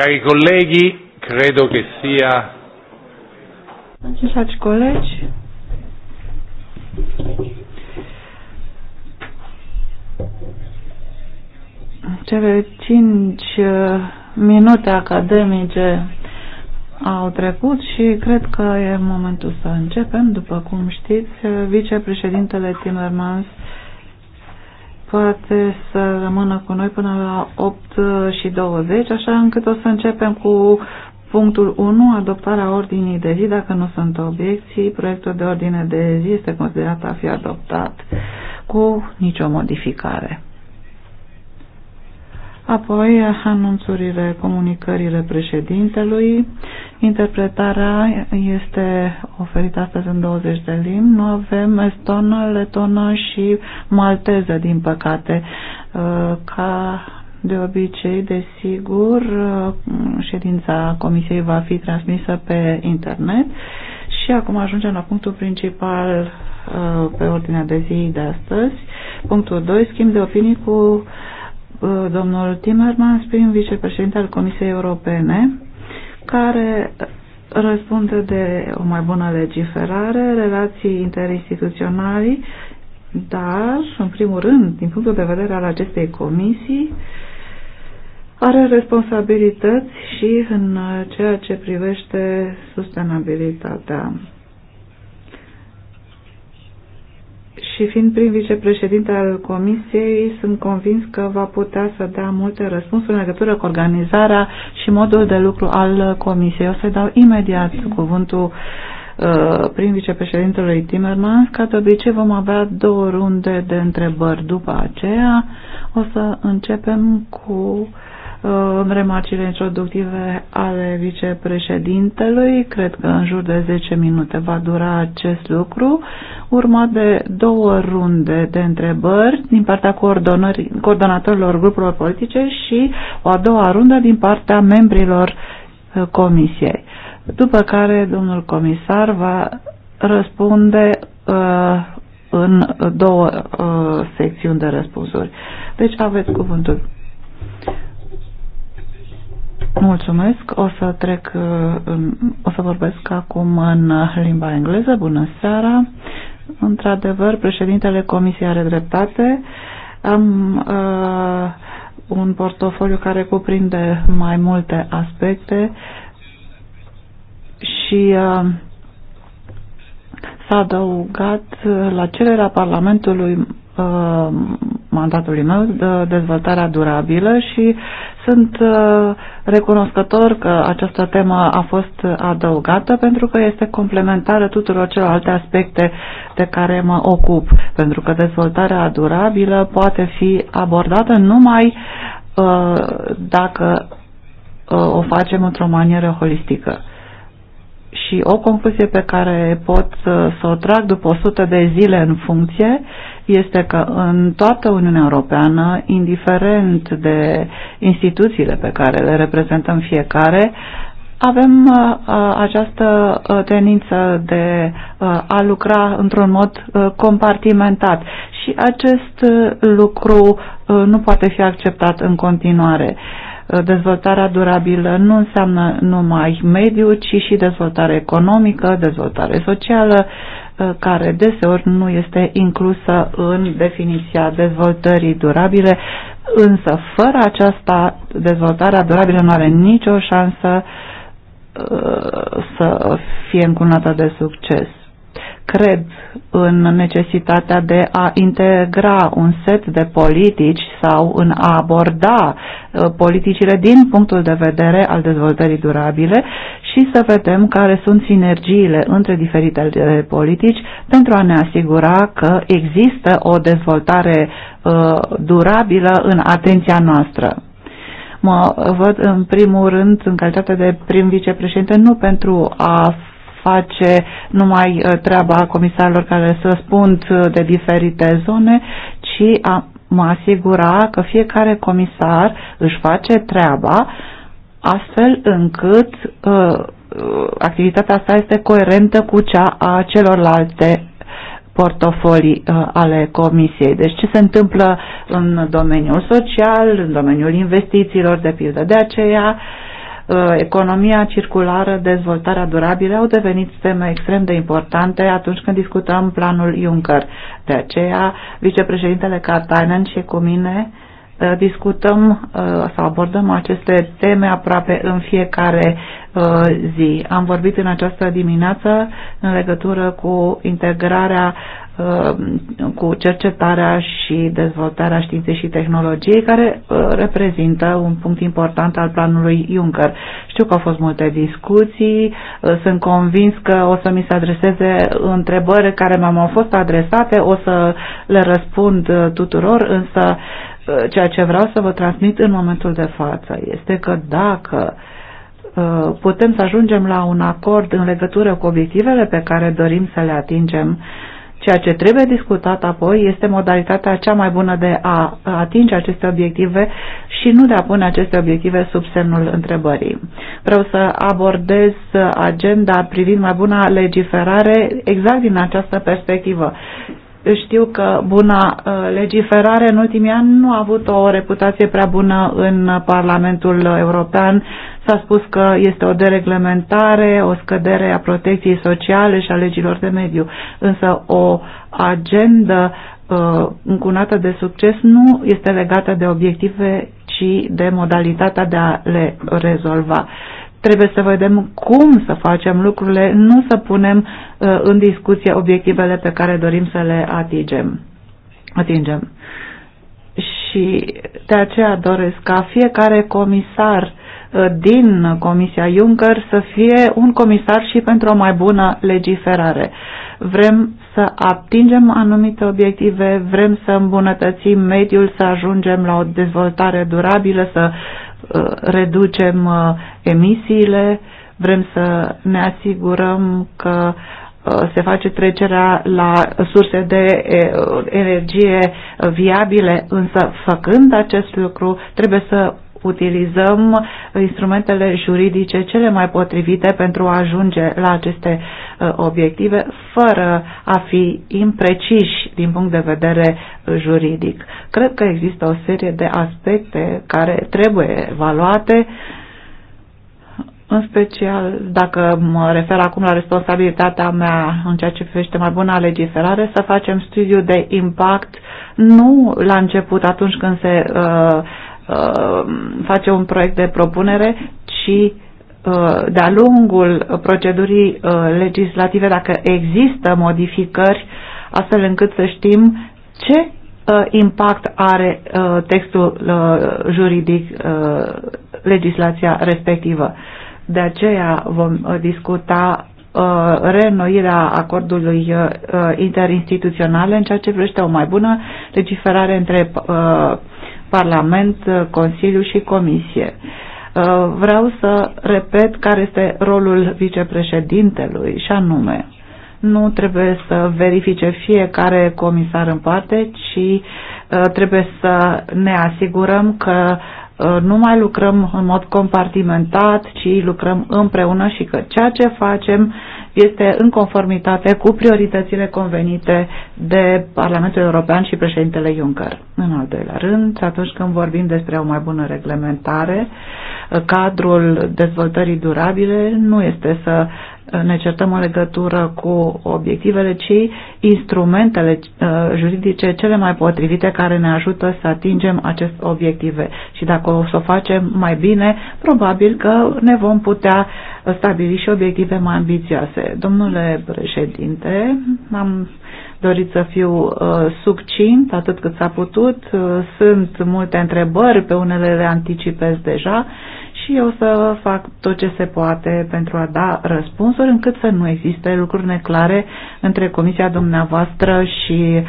Cari colleghi, credo che sia. faccio colleghi. cele cinci uh, minute academice au trecut și cred că e momentul să începem. După cum știți, uh, vicepreședintele Timmermans poate să rămână cu noi până la 8 și 20, așa încât o să începem cu punctul 1, adoptarea ordinii de zi. Dacă nu sunt obiecții, proiectul de ordine de zi este considerat a fi adoptat cu nicio modificare apoi anunțurile, comunicările președintelui. Interpretarea este oferită astăzi în 20 de limbi. Nu avem estonă, letonă și malteză, din păcate. Uh, ca de obicei, desigur, uh, ședința comisiei va fi transmisă pe internet. Și acum ajungem la punctul principal uh, pe ordinea de zi de astăzi. Punctul 2, schimb de opinii cu Uh, domnul Timmermans, prim vicepreședinte al Comisiei Europene, care răspunde de o mai bună legiferare, relații interinstituționale, dar, în primul rând, din punctul de vedere al acestei comisii, are responsabilități și în ceea ce privește sustenabilitatea și fiind prim vicepreședinte al Comisiei, sunt convins că va putea să dea multe răspunsuri în legătură cu organizarea și modul de lucru al Comisiei. O să dau imediat cuvântul uh, prin vicepreședintelui Timmermans. Ca de obicei vom avea două runde de întrebări după aceea. O să începem cu uh, în remarcile introductive ale vicepreședintelui. Cred că în jur de 10 minute va dura acest lucru, urmat de două runde de întrebări din partea coordonatorilor grupurilor politice și o a doua rundă din partea membrilor uh, comisiei. După care domnul comisar va răspunde uh, în două uh, secțiuni de răspunsuri. Deci aveți cuvântul. Mulțumesc. O să trec, uh, o să vorbesc acum în limba engleză. Bună seara. Într-adevăr, președintele Comisiei are dreptate. Am uh, un portofoliu care cuprinde mai multe aspecte și uh, s-a adăugat la cererea Parlamentului Uh, mandatului meu de dezvoltarea durabilă și sunt uh, recunoscător că această temă a fost adăugată pentru că este complementară tuturor celelalte aspecte de care mă ocup, pentru că dezvoltarea durabilă poate fi abordată numai uh, dacă o facem într-o manieră holistică. Și o concluzie pe care pot să o trag după 100 de zile în funcție este că în toată Uniunea Europeană, indiferent de instituțiile pe care le reprezentăm fiecare, avem uh, uh, această uh, tendință de uh, a lucra într-un mod uh, compartimentat și acest uh, lucru uh, nu poate fi acceptat în continuare. Uh, dezvoltarea durabilă nu înseamnă numai mediu, ci și dezvoltare economică, dezvoltare socială, Uh, care deseori nu este inclusă în definiția dezvoltării durabile, însă fără aceasta dezvoltarea durabilă nu are nicio șansă uh, să fie încunată de succes cred în necesitatea de a integra un set de politici sau în a aborda uh, politicile din punctul de vedere al dezvoltării durabile și să vedem care sunt sinergiile între diferitele politici pentru a ne asigura că există o dezvoltare uh, durabilă în atenția noastră mă văd în primul rând în calitate de prim vicepreședinte nu pentru a face numai uh, treaba comisarilor care se răspund uh, de diferite zone, ci a mă asigura că fiecare comisar își face treaba astfel încât uh, uh, activitatea asta este coerentă cu cea a celorlalte portofolii uh, ale comisiei. Deci ce se întâmplă în domeniul social, în domeniul investițiilor, de pildă. De aceea uh, Uh, economia circulară, dezvoltarea durabilă au devenit teme extrem de importante atunci când discutăm planul Juncker. De aceea, vicepreședintele Katainen și cu mine uh, discutăm uh, sau abordăm aceste teme aproape în fiecare zi. Am vorbit în această dimineață în legătură cu integrarea Uh, cu cercetarea și dezvoltarea științei și tehnologiei, care uh, reprezintă un punct important al planului Juncker. Știu că au fost multe discuții, uh, sunt convins că o să mi se adreseze întrebări care mi-au fost adresate, o să le răspund tuturor, însă ceea ce vreau să vă transmit în momentul de față este că dacă putem să ajungem la un acord în legătură cu obiectivele pe care dorim să le atingem, Ceea ce trebuie discutat apoi este modalitatea cea mai bună de a atinge aceste obiective și nu de a pune aceste obiective sub semnul întrebării. Vreau să abordez agenda privind mai bună legiferare exact din această perspectivă. Știu că buna uh, legiferare în ultimii ani nu a avut o reputație prea bună în Parlamentul European S-a spus că este o dereglementare, o scădere a protecției sociale și a legilor de mediu, însă o agendă uh, încunată de succes nu este legată de obiective, ci de modalitatea de a le rezolva trebuie să vedem cum să facem lucrurile, nu să punem uh, în discuție obiectivele pe care dorim să le atingem. atingem. Și de aceea doresc ca fiecare comisar Uh, din Comisia Juncker să fie un comisar și pentru o mai bună legiferare. Vrem să atingem anumite obiective, vrem să îmbunătățim mediul, să ajungem la o dezvoltare durabilă, să uh, reducem uh, emisiile, vrem să ne asigurăm că se face trecerea la surse de energie viabile, însă făcând acest lucru trebuie să utilizăm instrumentele juridice cele mai potrivite pentru a ajunge la aceste uh, obiective fără a fi impreciși din punct de vedere juridic. Cred că există o serie de aspecte care trebuie evaluate în special dacă mă refer acum la responsabilitatea mea în ceea ce privește mai bună legiferare, să facem studiu de impact nu la început atunci când se uh, Uh, face un proiect de propunere, ci uh, de-a lungul procedurii uh, legislative, dacă există modificări, astfel încât să știm ce impact are textul juridic, legislația respectivă. De aceea vom discuta reînnoirea acordului interinstituțional în ceea ce privește o mai bună legiferare între Parlament, Consiliu și Comisie. Uh, vreau să repet care este rolul vicepreședintelui și anume nu trebuie să verifice fiecare comisar în parte, ci uh, trebuie să ne asigurăm că uh, nu mai lucrăm în mod compartimentat, ci lucrăm împreună și că ceea ce facem este în conformitate cu prioritățile convenite de Parlamentul European și președintele Juncker. În al doilea rând, atunci când vorbim despre o mai bună reglementare, cadrul dezvoltării durabile nu este să ne certăm în legătură cu obiectivele, ci instrumentele uh, juridice cele mai potrivite care ne ajută să atingem aceste obiective. Și dacă o să o facem mai bine, probabil că ne vom putea stabili și obiective mai ambițioase. Domnule președinte, am dorit să fiu uh, succint atât cât s-a putut. Uh, sunt multe întrebări, pe unele le anticipez deja și eu să fac tot ce se poate pentru a da răspunsuri încât să nu existe lucruri neclare între comisia dumneavoastră și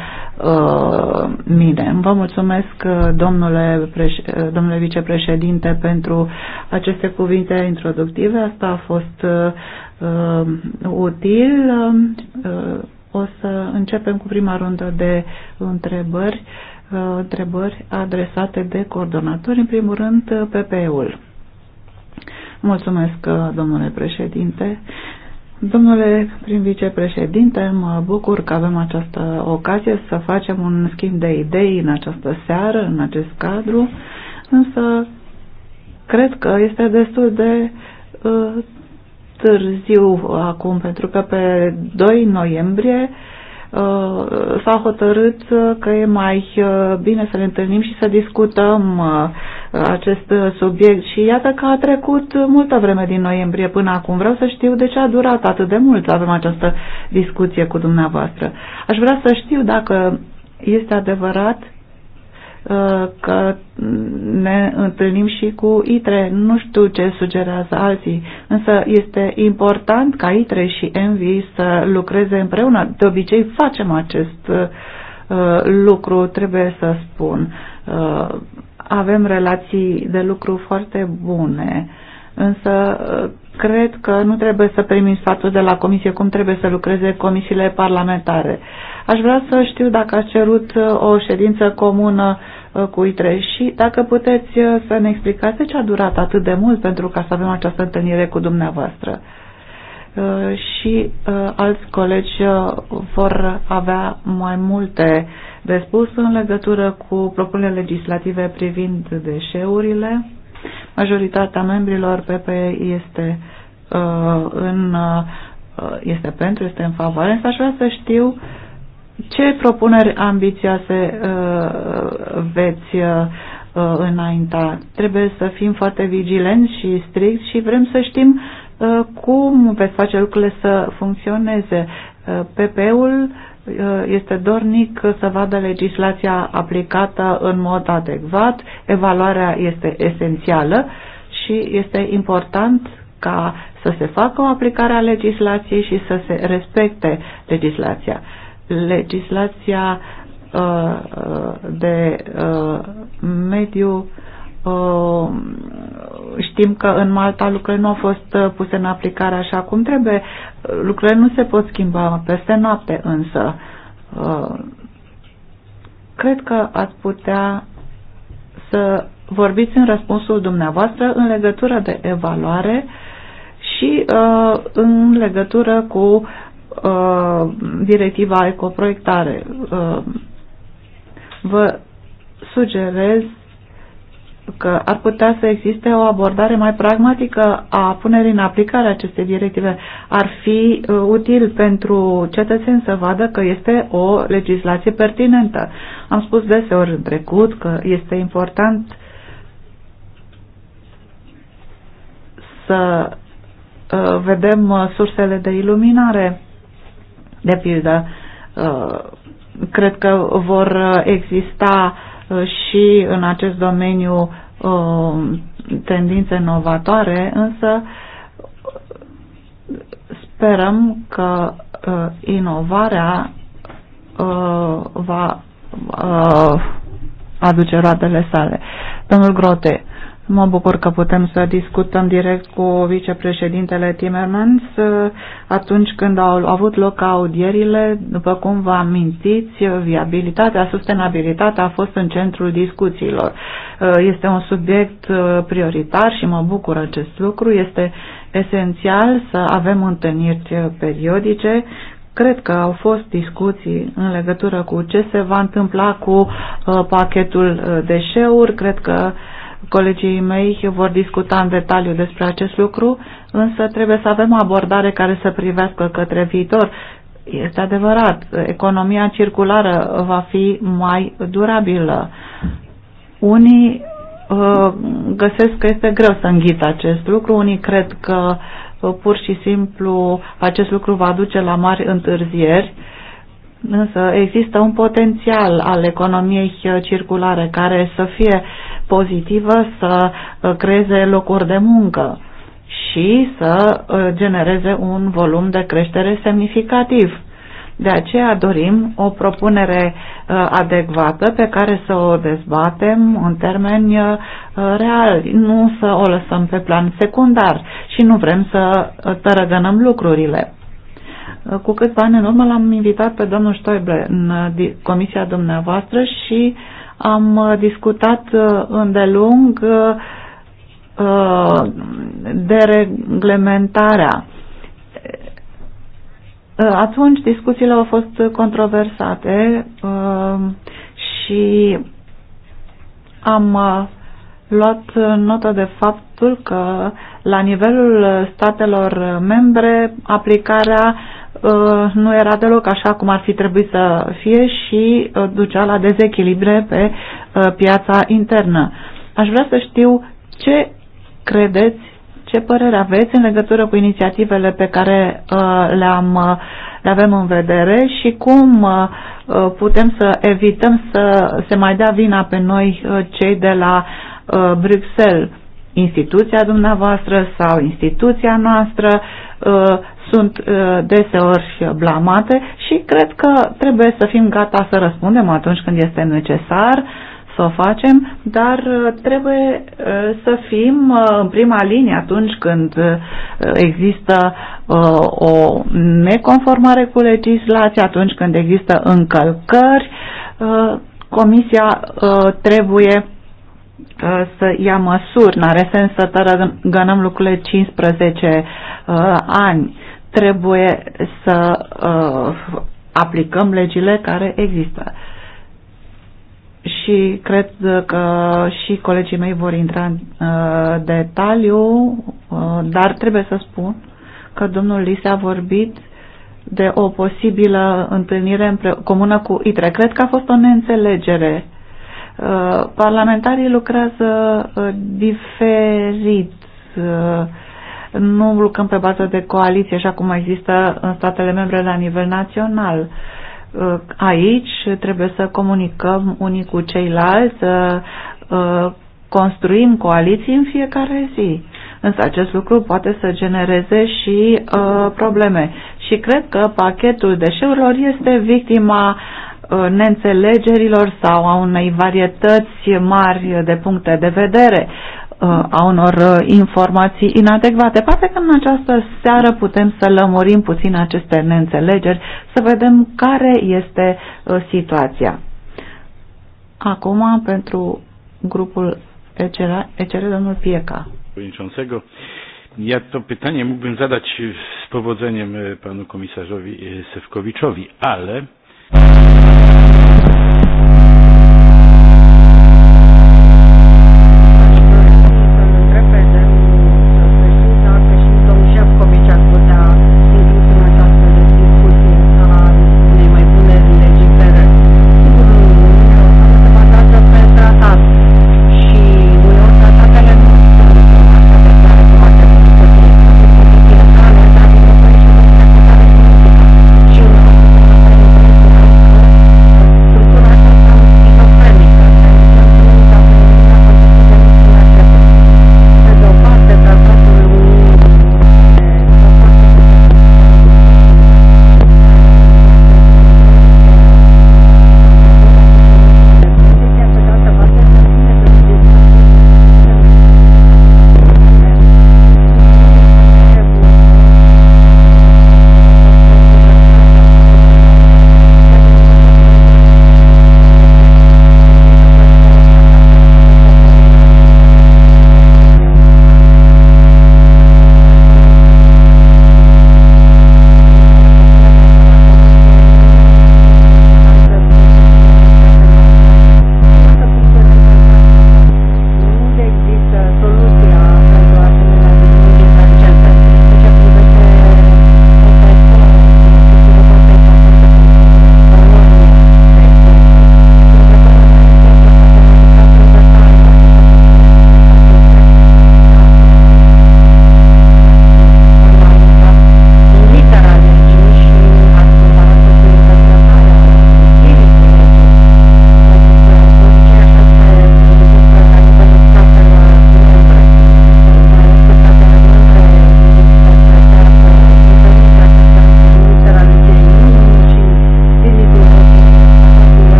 uh, mine. Vă mulțumesc, domnule, preș domnule vicepreședinte, pentru aceste cuvinte introductive. Asta a fost uh, util. Uh, o să începem cu prima rundă de întrebări, uh, întrebări adresate de coordonatori, în primul rând PPE-ul. Mulțumesc, uh, domnule președinte. Domnule prim vicepreședinte, mă bucur că avem această ocazie să facem un schimb de idei în această seară, în acest cadru, însă cred că este destul de uh, târziu acum, pentru că pe 2 noiembrie uh, s-a hotărât că e mai uh, bine să ne întâlnim și să discutăm uh, acest uh, subiect și iată că a trecut multă vreme din noiembrie până acum. Vreau să știu de ce a durat atât de mult să avem această discuție cu dumneavoastră. Aș vrea să știu dacă este adevărat uh, că ne întâlnim și cu ITRE. Nu știu ce sugerează alții, însă este important ca ITRE și ENVI să lucreze împreună. De obicei facem acest uh, lucru, trebuie să spun avem relații de lucru foarte bune, însă uh, cred că nu trebuie să primim sfatul de la comisie cum trebuie să lucreze comisiile parlamentare. Aș vrea să știu dacă ați cerut uh, o ședință comună uh, cu ITRE și dacă puteți să ne explicați de ce a durat atât de mult pentru ca să avem această întâlnire cu dumneavoastră. Și alți colegi vor avea mai multe de spus în legătură cu propunerile legislative privind deșeurile. Majoritatea membrilor PPE este, uh, în, uh, este pentru, este în favoare, însă aș vrea să știu ce propuneri ambițioase uh, veți uh, uh înainta. Trebuie să fim foarte vigilenți și stricți și vrem să știm uh, cum veți face lucrurile să funcționeze. PP-ul uh, Uh, este dornic să vadă legislația aplicată în mod adecvat, evaluarea este esențială și este important ca să se facă o aplicare a legislației și să se respecte legislația. Legislația uh, uh, de mediu Uh, știm că în Malta lucrurile nu au fost uh, puse în aplicare așa cum trebuie. Uh, lucrurile nu se pot schimba peste noapte, însă cred că ați putea să vorbiți în răspunsul dumneavoastră în legătură de evaluare și în legătură cu directiva ecoproiectare. vă sugerez că ar putea să existe o abordare mai pragmatică a punerii în aplicare acestei directive. Ar fi uh, util pentru cetățeni să vadă că este o legislație pertinentă. Am spus deseori în trecut că este important să uh, vedem uh, sursele de iluminare. De pildă, cred că vor exista uh, și în acest domeniu uh, tendințe novatoare, însă sperăm că uh, inovarea uh, va aduce roadele sale. Domnul Grote, Mă bucur că putem să discutăm direct cu vicepreședintele Timmermans uh, atunci când au avut loc audierile, după cum vă amintiți, viabilitatea, sustenabilitatea a fost în centrul discuțiilor. Uh, este un subiect uh, prioritar și mă bucur acest lucru. Este esențial să avem întâlniri periodice Cred că au fost discuții în legătură cu ce se va întâmpla cu pachetul deșeuri, cred că Colegii mei vor discuta în detaliu despre acest lucru, însă trebuie să avem o abordare care să privească către viitor. Este adevărat, economia circulară va fi mai durabilă. Unii uh, găsesc că este greu să înghită acest lucru, unii cred că uh, pur și simplu acest lucru va duce la mari întârzieri Însă există un potențial al economiei circulare care să fie pozitivă, să uh, creeze locuri de muncă și să uh, genereze un volum de creștere semnificativ. De aceea dorim o propunere uh, adecvată pe care să o dezbatem în termeni reali, nu să o lăsăm pe plan secundar și nu vrem să tărăgănăm lucrurile. Cu câțiva ani în urmă l-am invitat pe domnul Stoible în uh, comisia dumneavoastră și am uh, discutat uh, îndelung de reglementarea. Atunci discuțiile au fost controversate și am luat notă de faptul că la nivelul statelor membre aplicarea uh, Uh, nu era deloc așa cum ar fi trebuit să fie și uh, ducea la dezechilibre pe uh, piața internă. Aș vrea să știu ce credeți, ce părere aveți în legătură cu inițiativele pe care le-am le avem în vedere și cum putem să evităm să se mai dea vina pe noi cei de la Bruxelles, instituția dumneavoastră sau instituția noastră, sunt uh, deseori blamate și cred că trebuie să fim gata să răspundem atunci când este necesar să o facem, dar uh, trebuie uh, să fim în prima linie atunci când există o neconformare cu legislația, atunci când există încălcări, Comisia trebuie să ia măsuri. N-are sens să tărăgănăm lucrurile 15 ani trebuie să uh, aplicăm legile care există. Și cred că și colegii mei vor intra în uh, detaliu, uh, dar trebuie să spun că domnul Lise a vorbit de o posibilă întâlnire comună cu ITRE. Cred că a fost o neînțelegere. Uh, parlamentarii lucrează uh, diferit uh, nu lucrăm pe bază de coaliție, așa cum există în statele membre la nivel național. Uh, aici trebuie să comunicăm unii cu ceilalți, să uh, uh, construim coaliții în fiecare zi. Însă acest lucru poate să genereze și probleme. Și cred că pachetul deșeurilor este victima neînțelegerilor sau a unei varietăți mari de puncte de vedere. Uh, a unor uh, informații inadecvate. Poate că în această seară putem să lămurim puțin aceste neînțelegeri, să vedem care este uh, situația. Acum, pentru grupul ECR, ECR domnul Pieca. Ja to pytanie mógłbym zadać z powodzeniem panu komisarzowi Sewkowiczowi, ale...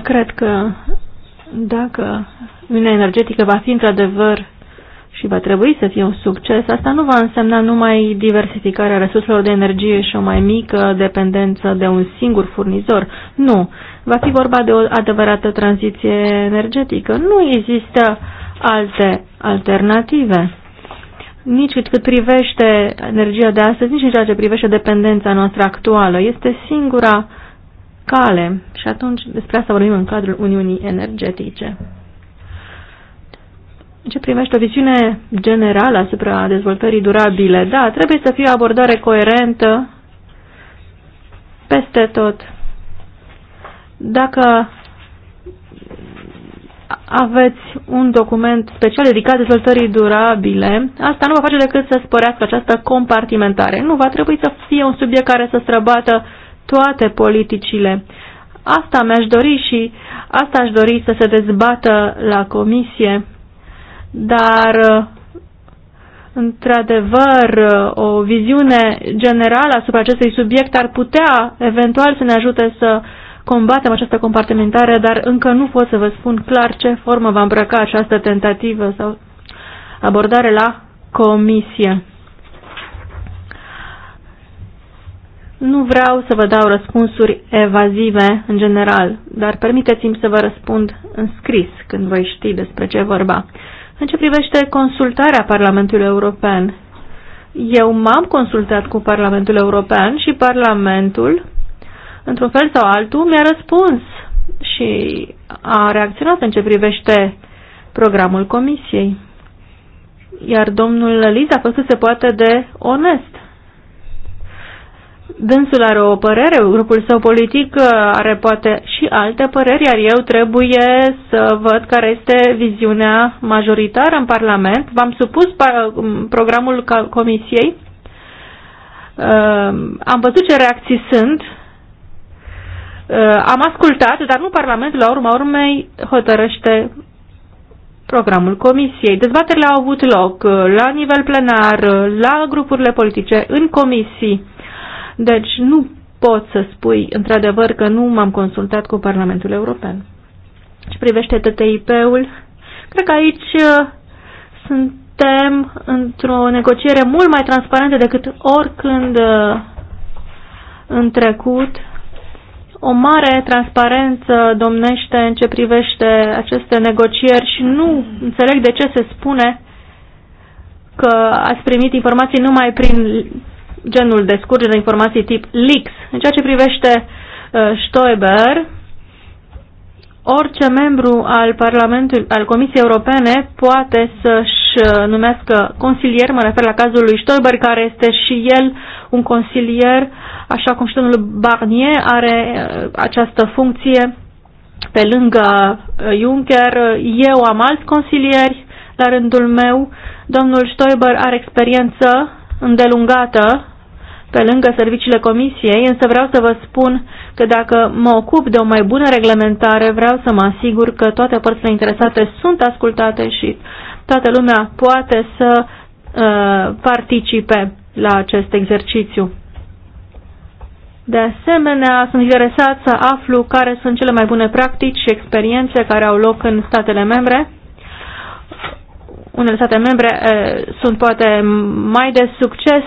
cred că dacă mine Energetică va fi într-adevăr și va trebui să fie un succes, asta nu va însemna numai diversificarea resurselor de energie și o mai mică dependență de un singur furnizor. Nu. Va fi vorba de o adevărată tranziție energetică. Nu există alte alternative. Nici cât, cât privește energia de astăzi, nici în ceea ce privește dependența noastră actuală. Este singura cale și atunci despre asta vorbim în cadrul Uniunii Energetice. În ce primește o viziune generală asupra dezvoltării durabile, da, trebuie să fie o abordare coerentă peste tot. Dacă aveți un document special dedicat dezvoltării durabile, asta nu va face decât să sporească această compartimentare. Nu va trebui să fie un subiect care să străbată toate politicile. Asta mi-aș dori și asta aș dori să se dezbată la comisie, dar într-adevăr o viziune generală asupra acestui subiect ar putea eventual să ne ajute să combatem această compartimentare, dar încă nu pot să vă spun clar ce formă va îmbrăca această tentativă sau abordare la comisie. Nu vreau să vă dau răspunsuri evazive în general, dar permiteți-mi să vă răspund în scris când voi ști despre ce vorba. În ce privește consultarea Parlamentului European, eu m-am consultat cu Parlamentul European și Parlamentul, într-un fel sau altul, mi-a răspuns și a reacționat în ce privește programul Comisiei. Iar domnul Liz a fost să se poate de onest Dânsul are o părere, grupul său politic uh, are poate și alte păreri, iar eu trebuie să văd care este viziunea majoritară în Parlament. V-am supus um, programul Comisiei, uh, am văzut ce reacții sunt, uh, am ascultat, dar nu Parlamentul, la urma urmei, hotărăște programul Comisiei. Dezbaterile au avut loc la nivel plenar, la grupurile politice, în comisii deci nu pot să spui într-adevăr că nu m-am consultat cu Parlamentul European. Și privește TTIP-ul, cred că aici uh, suntem într-o negociere mult mai transparentă decât oricând uh, în trecut. O mare transparență domnește în ce privește aceste negocieri și nu înțeleg de ce se spune că ați primit informații numai prin genul de scurgere de informații tip leaks. În ceea ce privește uh, Stoiber, orice membru al Parlamentului, al Comisiei Europene poate să-și uh, numească consilier, mă refer la cazul lui Stoiber, care este și el un consilier, așa cum și domnul Barnier are uh, această funcție pe lângă uh, Juncker. Eu am alți consilieri la rândul meu. Domnul Stoiber are experiență îndelungată pe lângă serviciile comisiei, însă vreau să vă spun că dacă mă ocup de o mai bună reglementare, vreau să mă asigur că toate părțile interesate sunt ascultate și toată lumea poate să uh, participe la acest exercițiu. De asemenea, sunt interesat să aflu care sunt cele mai bune practici și experiențe care au loc în statele membre unele state membre sunt poate mai de succes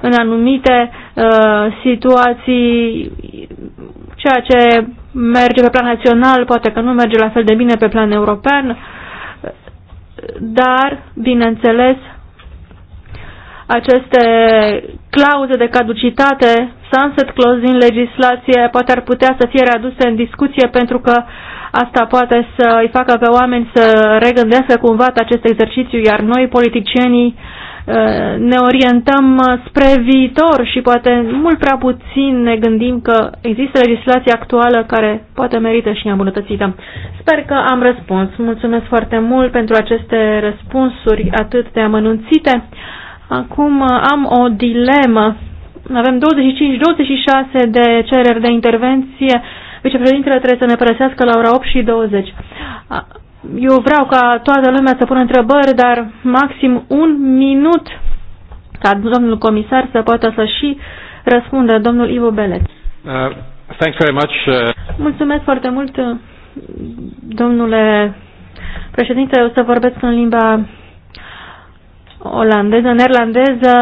în anumite uh, situații, ceea ce merge pe plan național poate că nu merge la fel de bine pe plan european, dar, bineînțeles, aceste clauze de caducitate, sunset clause în legislație, poate ar putea să fie readuse în discuție pentru că uh, Asta poate să îi facă pe oameni să regândească cumva acest exercițiu, iar noi, politicienii, eh, ne orientăm eh, spre viitor și poate mult prea puțin ne gândim că există legislația actuală care poate merită și îmbunătățită. Sper că am răspuns. Mulțumesc foarte mult pentru aceste răspunsuri atât de amănunțite. Acum eh, am o dilemă. Avem 25-26 de cereri de intervenție Vicepreședintele trebuie să ne părăsească la ora 8 și 20. Eu vreau ca toată lumea să pună întrebări, dar maxim un minut ca domnul comisar să poată să și răspundă domnul Ivo Belet. Uh, thanks very much. Uh... Mulțumesc foarte mult, domnule președinte. Eu să vorbesc în limba olandeză, neerlandeză,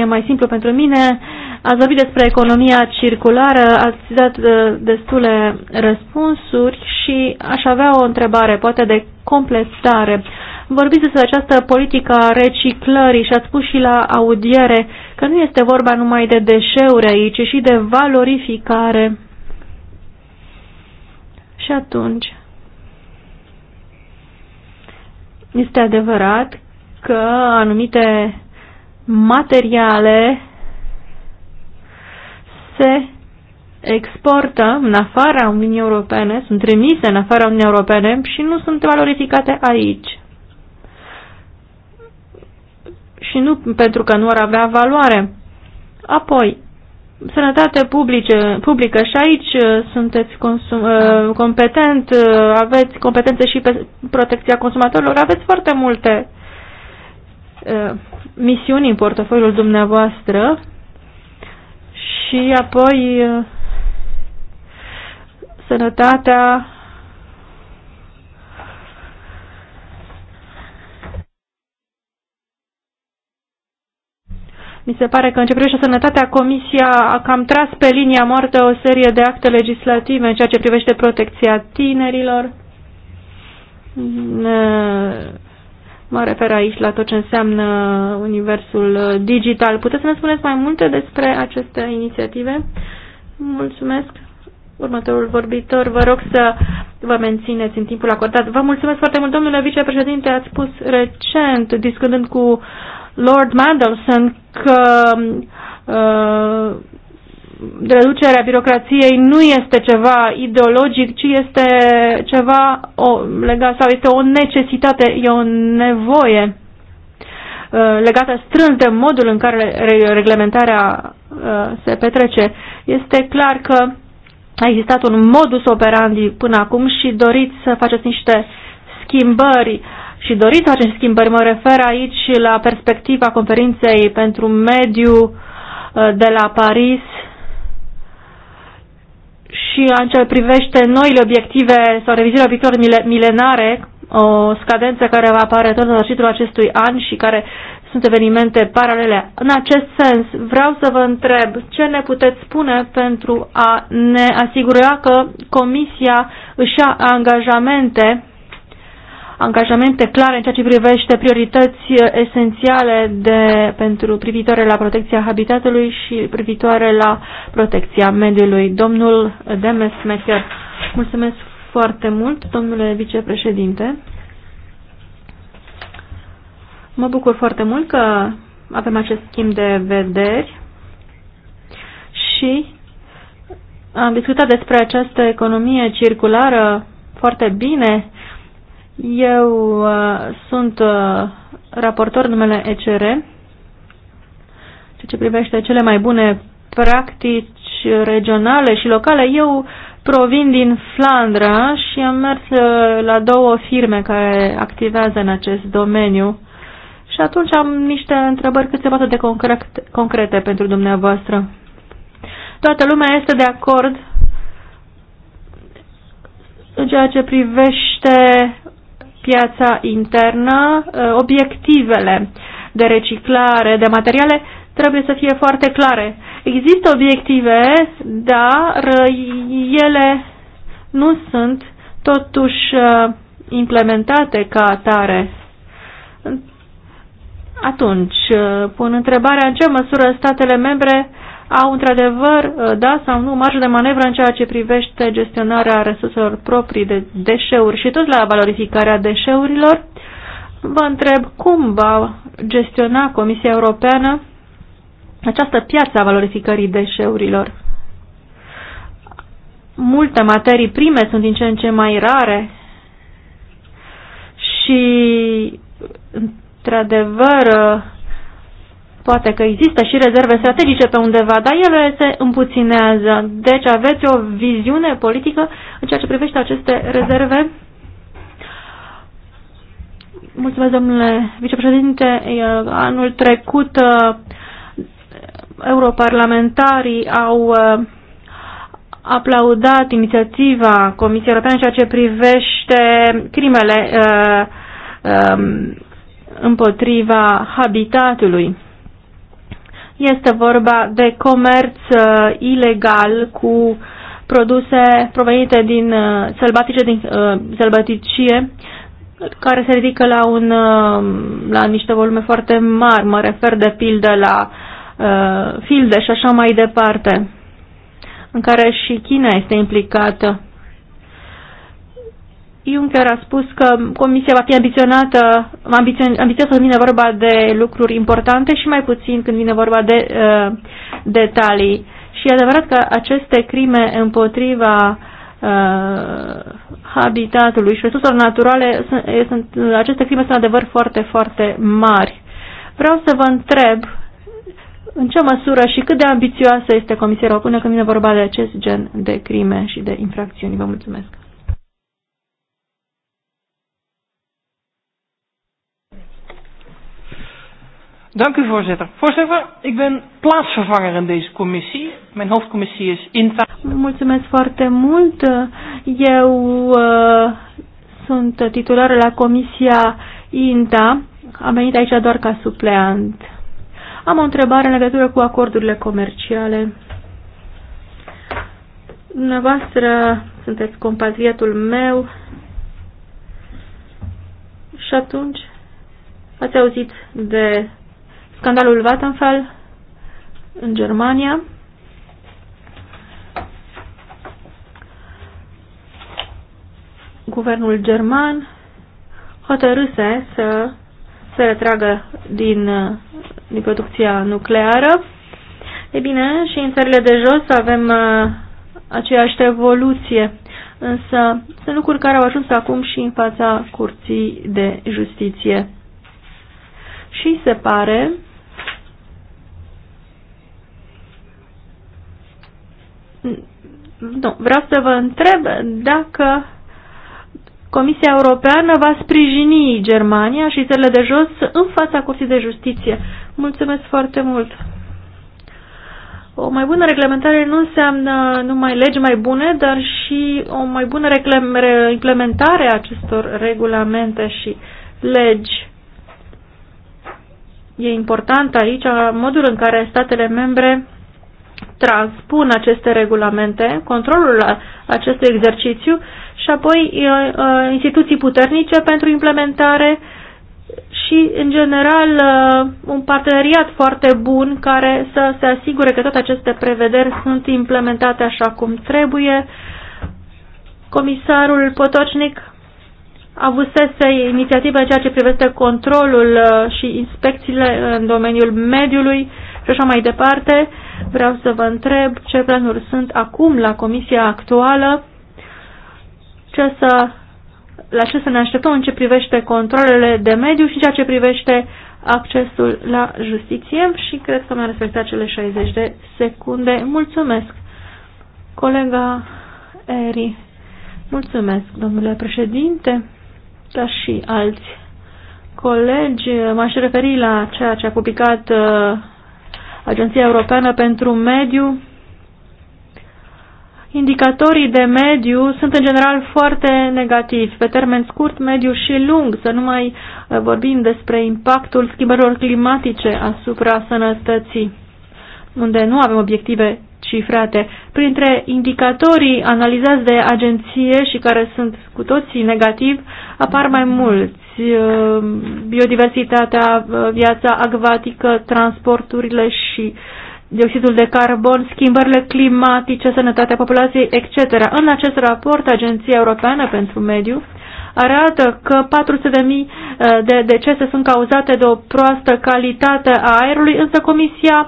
e mai simplu pentru mine. Uh, Ați vorbit despre economia circulară, ați dat uh, destule răspunsuri și aș avea o întrebare, poate de completare. Vorbiți despre această politică a reciclării și ați spus și la audiere că nu este vorba numai de deșeuri aici, ci și de valorificare. Și atunci, este adevărat că anumite materiale se exportă în afara Uniunii Europene, sunt trimise în afara Uniunii Europene și nu sunt valorificate aici. Și nu pentru că nu ar avea valoare. Apoi, sănătate publice, publică și aici uh, sunteți consum, uh, competent, uh, aveți competențe și pe protecția consumatorilor, aveți foarte multe misiuni în portofoliul dumneavoastră și apoi uh, sănătatea Mi se pare că în ce privește sănătatea, Comisia a cam tras pe linia moartă o serie de acte legislative în ceea ce privește protecția tinerilor uh, Mă refer aici la tot ce înseamnă universul digital. Puteți să ne spuneți mai multe despre aceste inițiative? Mulțumesc. Următorul vorbitor, vă rog să vă mențineți în timpul acordat. Vă mulțumesc foarte mult, domnule vicepreședinte, ați spus recent, discutând cu Lord Mandelson, că uh, reducerea birocrației nu este ceva ideologic, ci este ceva o, legat sau este o necesitate, e o nevoie uh, legată strâns de modul în care reglementarea uh, se petrece. Este clar că a existat un modus operandi până acum și doriți să faceți niște schimbări și doriți să faceți schimbări. Mă refer aici la perspectiva conferinței pentru mediu uh, de la Paris și în ce privește noile obiective sau revizirea obiectivelor milenare, o scadență care va apare tot în sfârșitul acestui an și care sunt evenimente paralele. În acest sens, vreau să vă întreb ce ne puteți spune pentru a ne asigura că Comisia își ia angajamente angajamente clare în ceea ce privește priorități uh, esențiale de, pentru privitoare la protecția habitatului și privitoare la protecția mediului. Domnul Demes Mecher, mulțumesc foarte mult, domnule vicepreședinte. Mă bucur foarte mult că avem acest schimb de vederi și am discutat despre această economie circulară foarte bine eu uh, sunt uh, raportor numele ECR, ceea ce privește cele mai bune practici regionale și locale. Eu provin din Flandra și am mers uh, la două firme care activează în acest domeniu și atunci am niște întrebări cât se poate de concrete, concrete pentru dumneavoastră. Toată lumea este de acord în ceea ce privește piața internă, uh, obiectivele de reciclare de materiale trebuie să fie foarte clare. Există obiective, dar uh, ele nu sunt totuși uh, implementate ca atare. Atunci, pun întrebarea în ce măsură statele membre au într-adevăr, uh, da sau nu, marjă de manevră în ceea ce privește gestionarea resurselor proprii de deșeuri și tot la valorificarea deșeurilor. Vă întreb cum va gestiona Comisia Europeană această piață a valorificării deșeurilor. Multe materii prime sunt din ce în ce mai rare și, într-adevăr, uh, Poate că există și rezerve strategice pe undeva, dar ele se împuținează. Deci aveți o viziune politică în ceea ce privește aceste rezerve? Mulțumesc, domnule vicepreședinte. Anul trecut uh, europarlamentarii au uh, aplaudat inițiativa Comisiei Europene în ceea ce privește crimele uh, um, împotriva habitatului. Este vorba de comerț uh, ilegal cu produse provenite din uh, sălbatice, din uh, sălbaticie, care se ridică la, un, uh, la niște volume foarte mari. Mă refer de pildă la uh, filde și așa mai departe, în care și China este implicată. Juncker a spus că Comisia va fi ambiționată, ambițioasă când vine vorba de lucruri importante și mai puțin când vine vorba de uh, detalii. Și e adevărat că aceste crime împotriva uh, habitatului și resurselor naturale, sunt, sunt, aceste crime sunt adevăr foarte, foarte mari. Vreau să vă întreb în ce măsură și cât de ambițioasă este Comisia Europeană când vine vorba de acest gen de crime și de infracțiuni. Vă mulțumesc! Dank u, voorzitter. Voorzitter, ik ben plaatsvervanger in deze commissie. Mijn hoofdcommissie is INTA. Mulțumesc foarte mult. Eu uh, sunt titular la comisia INTA. Am venit aici doar ca supleant. Am o întrebare în legătură cu acordurile comerciale. Dumneavoastră sunteți compatriotul meu și atunci ați auzit de scandalul Vattenfall în Germania. Guvernul german hotărâse să se retragă din, din producția nucleară. E bine, și în țările de jos avem uh, aceeași evoluție, însă sunt lucruri care au ajuns acum și în fața Curții de Justiție. Și se pare nu, vreau să vă întreb dacă Comisia Europeană va sprijini Germania și țările de jos în fața Curții de Justiție. Mulțumesc foarte mult! O mai bună reglementare nu înseamnă numai legi mai bune, dar și o mai bună implementare a acestor regulamente și legi. E important aici modul în care statele membre transpun aceste regulamente, controlul acestui exercițiu și apoi uh, uh, instituții puternice pentru implementare și, în general, uh, un parteneriat foarte bun care să se asigure că toate aceste prevederi sunt implementate așa cum trebuie. Comisarul Potocnic avusese inițiative în ceea ce privește controlul și inspecțiile în domeniul mediului și așa mai departe Vreau să vă întreb ce planuri sunt acum la comisia actuală, ce să, la ce să ne așteptăm în ce privește controlele de mediu și în ceea ce privește accesul la justiție și cred că mi-a respectat cele 60 de secunde. Mulțumesc, colega Eri. Mulțumesc, domnule președinte, ca și alți colegi. M-aș referi la ceea ce a publicat uh, Agenția Europeană pentru Mediu. Indicatorii de mediu sunt în general foarte negativi, pe termen scurt, mediu și lung, să nu mai eh, vorbim despre impactul schimbărilor climatice asupra sănătății, unde nu avem obiective cifrate. Printre indicatorii analizați de agenție și care sunt cu toții negativ, apar mai mulți. Uh, biodiversitatea, uh, viața acvatică, transporturile și dioxidul de carbon, schimbările climatice, sănătatea populației, etc. În acest raport, Agenția Europeană pentru Mediu arată că 400.000 uh, de decese sunt cauzate de o proastă calitate a aerului, însă Comisia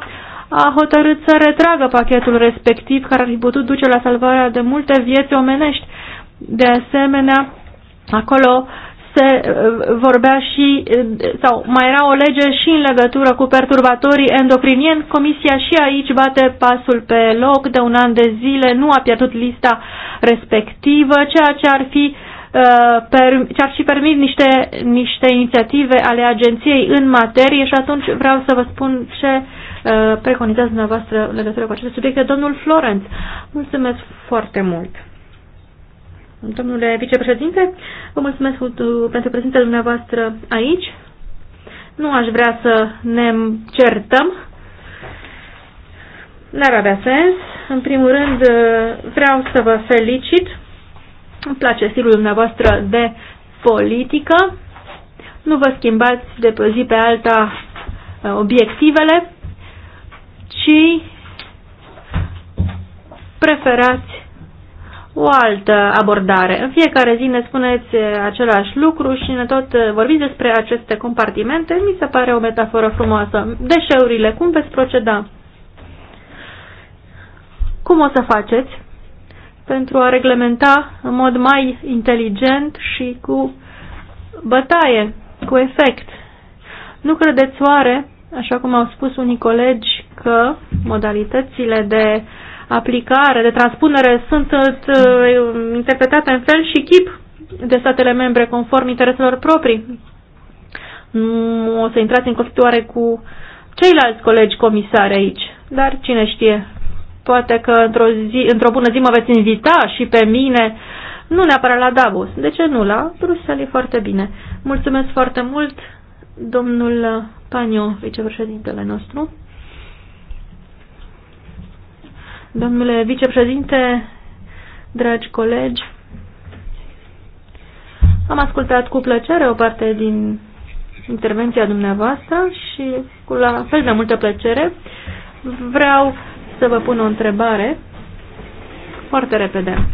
a hotărât să retragă pachetul respectiv care ar fi putut duce la salvarea de multe vieți omenești. De asemenea, acolo se eh, vorbea și, eh, sau mai era o lege și în legătură cu perturbatorii endocrinieni. Comisia și aici bate pasul pe loc de un an de zile, nu a pierdut lista respectivă, ceea ce ar fi eh, ce ar și permit niște, niște inițiative ale agenției în materie și atunci vreau să vă spun ce uh, Uh, preconizați dumneavoastră în legătură cu aceste subiecte. Domnul Florenț, mulțumesc foarte mult! Domnule vicepreședinte, vă mulțumesc pentru prezența dumneavoastră aici. Nu aș vrea să ne certăm. N-ar avea sens. În primul rând, uh, vreau să vă felicit. Îmi place stilul dumneavoastră de politică. Nu vă schimbați de pe zi pe alta uh, obiectivele ci preferați o altă abordare. În fiecare zi ne spuneți eh, același lucru și ne tot eh, vorbiți despre aceste compartimente. Mi se pare o metaforă frumoasă. Deșeurile, cum veți proceda? Cum o să faceți pentru a reglementa în mod mai inteligent și cu bătaie, cu efect? Nu credeți oare așa cum au spus unii colegi, că modalitățile de aplicare, de transpunere sunt uh, interpretate în fel și chip de statele membre conform intereselor proprii. Nu o să intrați în conflictoare cu ceilalți colegi comisari aici, dar cine știe, poate că într-o, zi, într-o bună zi mă veți invita și pe mine, nu neapărat la Davos, de ce nu, la Bruxelles e foarte bine. Mulțumesc foarte mult, domnul Paniu, vicepreședintele nostru. Domnule vicepreședinte, dragi colegi, am ascultat cu plăcere o parte din intervenția dumneavoastră și cu la fel de multă plăcere vreau să vă pun o întrebare foarte repede.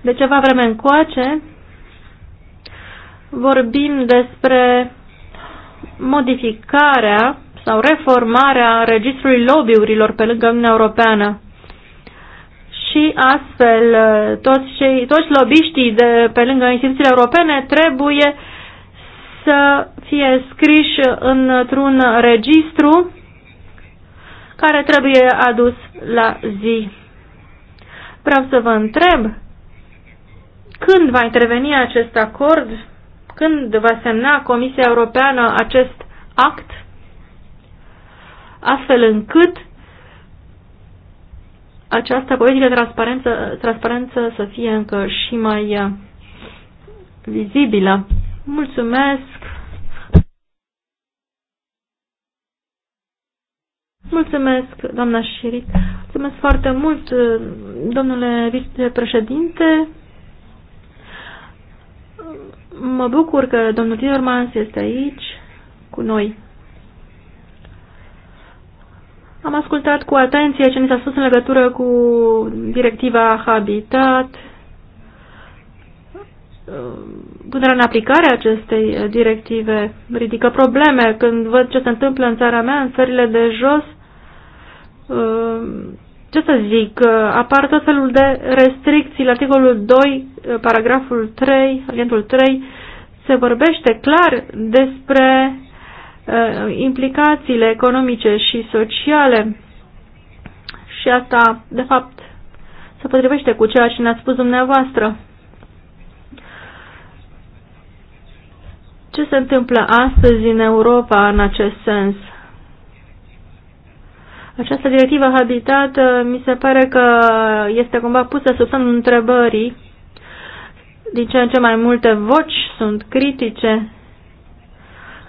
De ceva vreme încoace vorbim despre modificarea sau reformarea registrului lobbyurilor pe lângă Uniunea Europeană. Și astfel, toți, cei, toți lobbyștii de pe lângă instituțiile europene trebuie să fie scriși într-un registru care trebuie adus la zi. Vreau să vă întreb când va interveni acest acord când va semna Comisia Europeană acest act, astfel încât această politică de transparență, transparență să fie încă și mai uh, vizibilă. Mulțumesc! Mulțumesc, doamna Șiric. Mulțumesc foarte mult, uh, domnule vicepreședinte. Mă bucur că domnul Timmermans este aici cu noi. Am ascultat cu atenție ce ni s-a spus în legătură cu directiva Habitat, punerea în aplicare a acestei directive ridică probleme. Când văd ce se întâmplă în țara mea, în țările de jos, ce să zic, uh, apar tot felul de restricții. La articolul 2, uh, paragraful 3, agentul 3, se vorbește clar despre uh, implicațiile economice și sociale și asta, de fapt, se potrivește cu ceea ce ne-a spus dumneavoastră. Ce se întâmplă astăzi în Europa în acest sens? Această directivă Habitat mi se pare că este cumva pusă sub semnul întrebării. Din ce în ce mai multe voci sunt critice.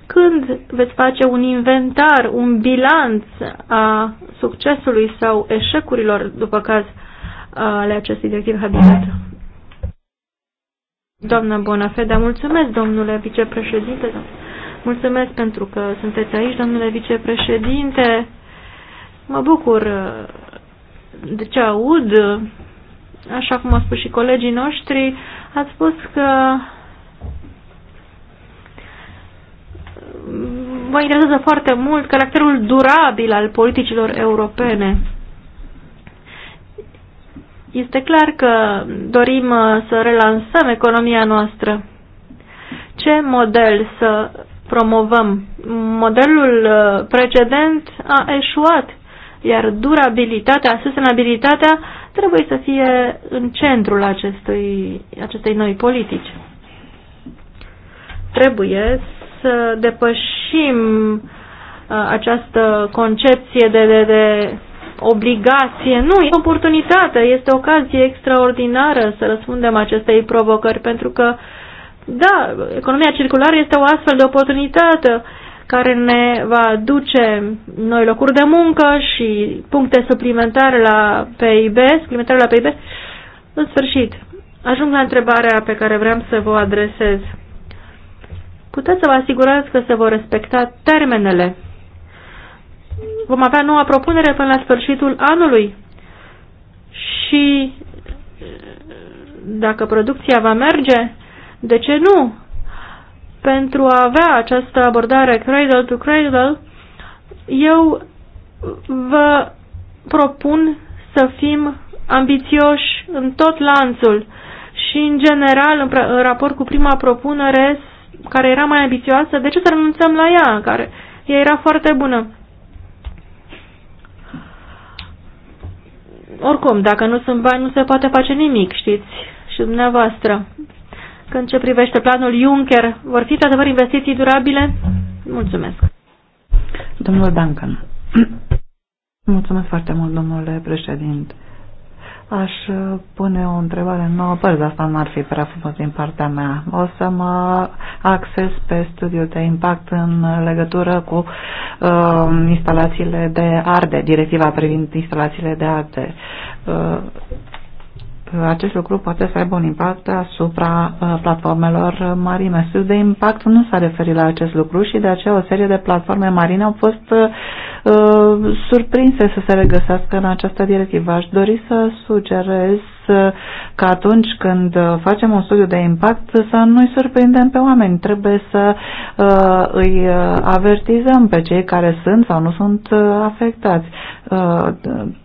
Când veți face un inventar, un bilanț a succesului sau eșecurilor, după caz, ale acestei directive Habitat? Doamna Bonafeda, mulțumesc, domnule vicepreședinte. Mulțumesc pentru că sunteți aici, domnule vicepreședinte. Mă bucur uh, de ce aud, așa cum au spus și colegii noștri, ați spus că vă uh, interesează foarte mult caracterul durabil al politicilor europene. Este clar că dorim uh, să relansăm economia noastră. Ce model să promovăm? Modelul precedent a eșuat iar durabilitatea, sustenabilitatea trebuie să fie în centrul acestui, acestei noi politici. Trebuie să depășim uh, această concepție de, de, de obligație. Nu, e oportunitate, este ocazie extraordinară să răspundem acestei provocări, pentru că, da, economia circulară este o astfel de oportunitate care ne va duce noi locuri de muncă și puncte suplimentare la PIB, suplimentare la PIB. În sfârșit, ajung la întrebarea pe care vreau să vă adresez. Puteți să vă asigurați că se vor respecta termenele. Vom avea noua propunere până la sfârșitul anului și dacă producția va merge, de ce nu? pentru a avea această abordare cradle to cradle, eu vă propun să fim ambițioși în tot lanțul și, în general, în, în raport cu prima propunere, care era mai ambițioasă, de ce să renunțăm la ea, care ea era foarte bună? Oricum, dacă nu sunt bani, nu se poate face nimic, știți, și dumneavoastră că în ce privește planul Juncker vor fi într-adevăr investiții durabile? Mulțumesc. Domnul Duncan. Mulțumesc foarte mult, domnule președinte. Aș pune o întrebare în nouă părți, asta n-ar fi prea frumos din partea mea. O să mă acces pe studiul de impact în legătură cu uh, instalațiile de arde, directiva privind instalațiile de arde. Uh, acest lucru poate să aibă un impact asupra uh, platformelor marine. Studiul de impact nu s-a referit la acest lucru și de aceea o serie de platforme marine au fost uh, uh surprinse să se regăsească în această directivă. Aș dori să sugerez uh, că atunci când facem un studiu de impact să nu-i surprindem pe oameni. Trebuie să uh, îi avertizăm pe cei care sunt sau nu sunt afectați. Uh,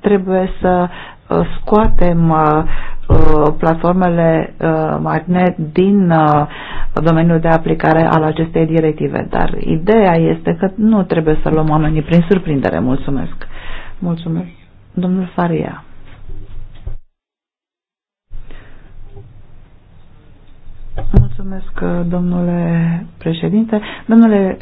trebuie să Uh, scoatem uh, uh, platformele magnet din domeniul de aplicare al acestei directive, dar ideea este că nu trebuie să luăm oamenii prin surprindere. Mulțumesc. Mulțumesc. Domnul Faria. Mulțumesc, domnule președinte. Domnule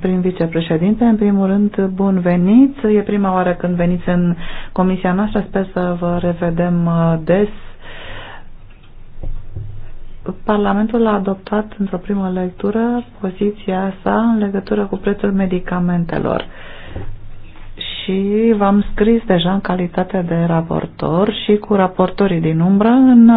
prin vicepreședinte. În primul rând, bun venit. E prima oară când veniți în comisia noastră. Sper să vă revedem uh, des. Parlamentul a adoptat într-o primă lectură poziția sa în legătură cu prețul medicamentelor. Uh, și v-am scris deja în calitate de raportor și cu raportorii din umbră în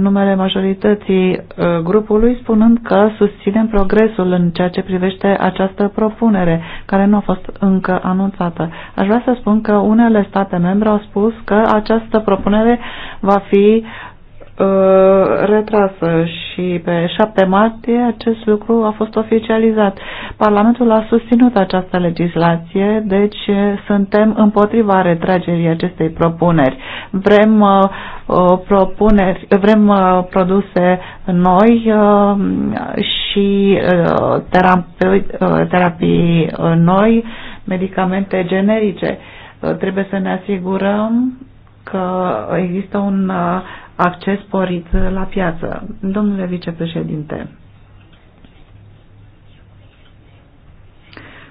numele majorității uh, grupului, spunând că susținem progresul în ceea ce privește această propunere, care nu a fost încă anunțată. Aș vrea să spun că unele state membre au spus că această propunere va fi uh, Uh, retrasă și pe 7 martie acest lucru a fost oficializat. Parlamentul a susținut această legislație, deci uh, suntem împotriva retragerii acestei propuneri. Vrem, uh, uh, propuneri, vrem uh, produse noi uh, și uh, terapii, uh, terapii uh, noi, medicamente generice. Uh, trebuie să ne asigurăm că există un uh, acces sporit la piață. Domnule vicepreședinte,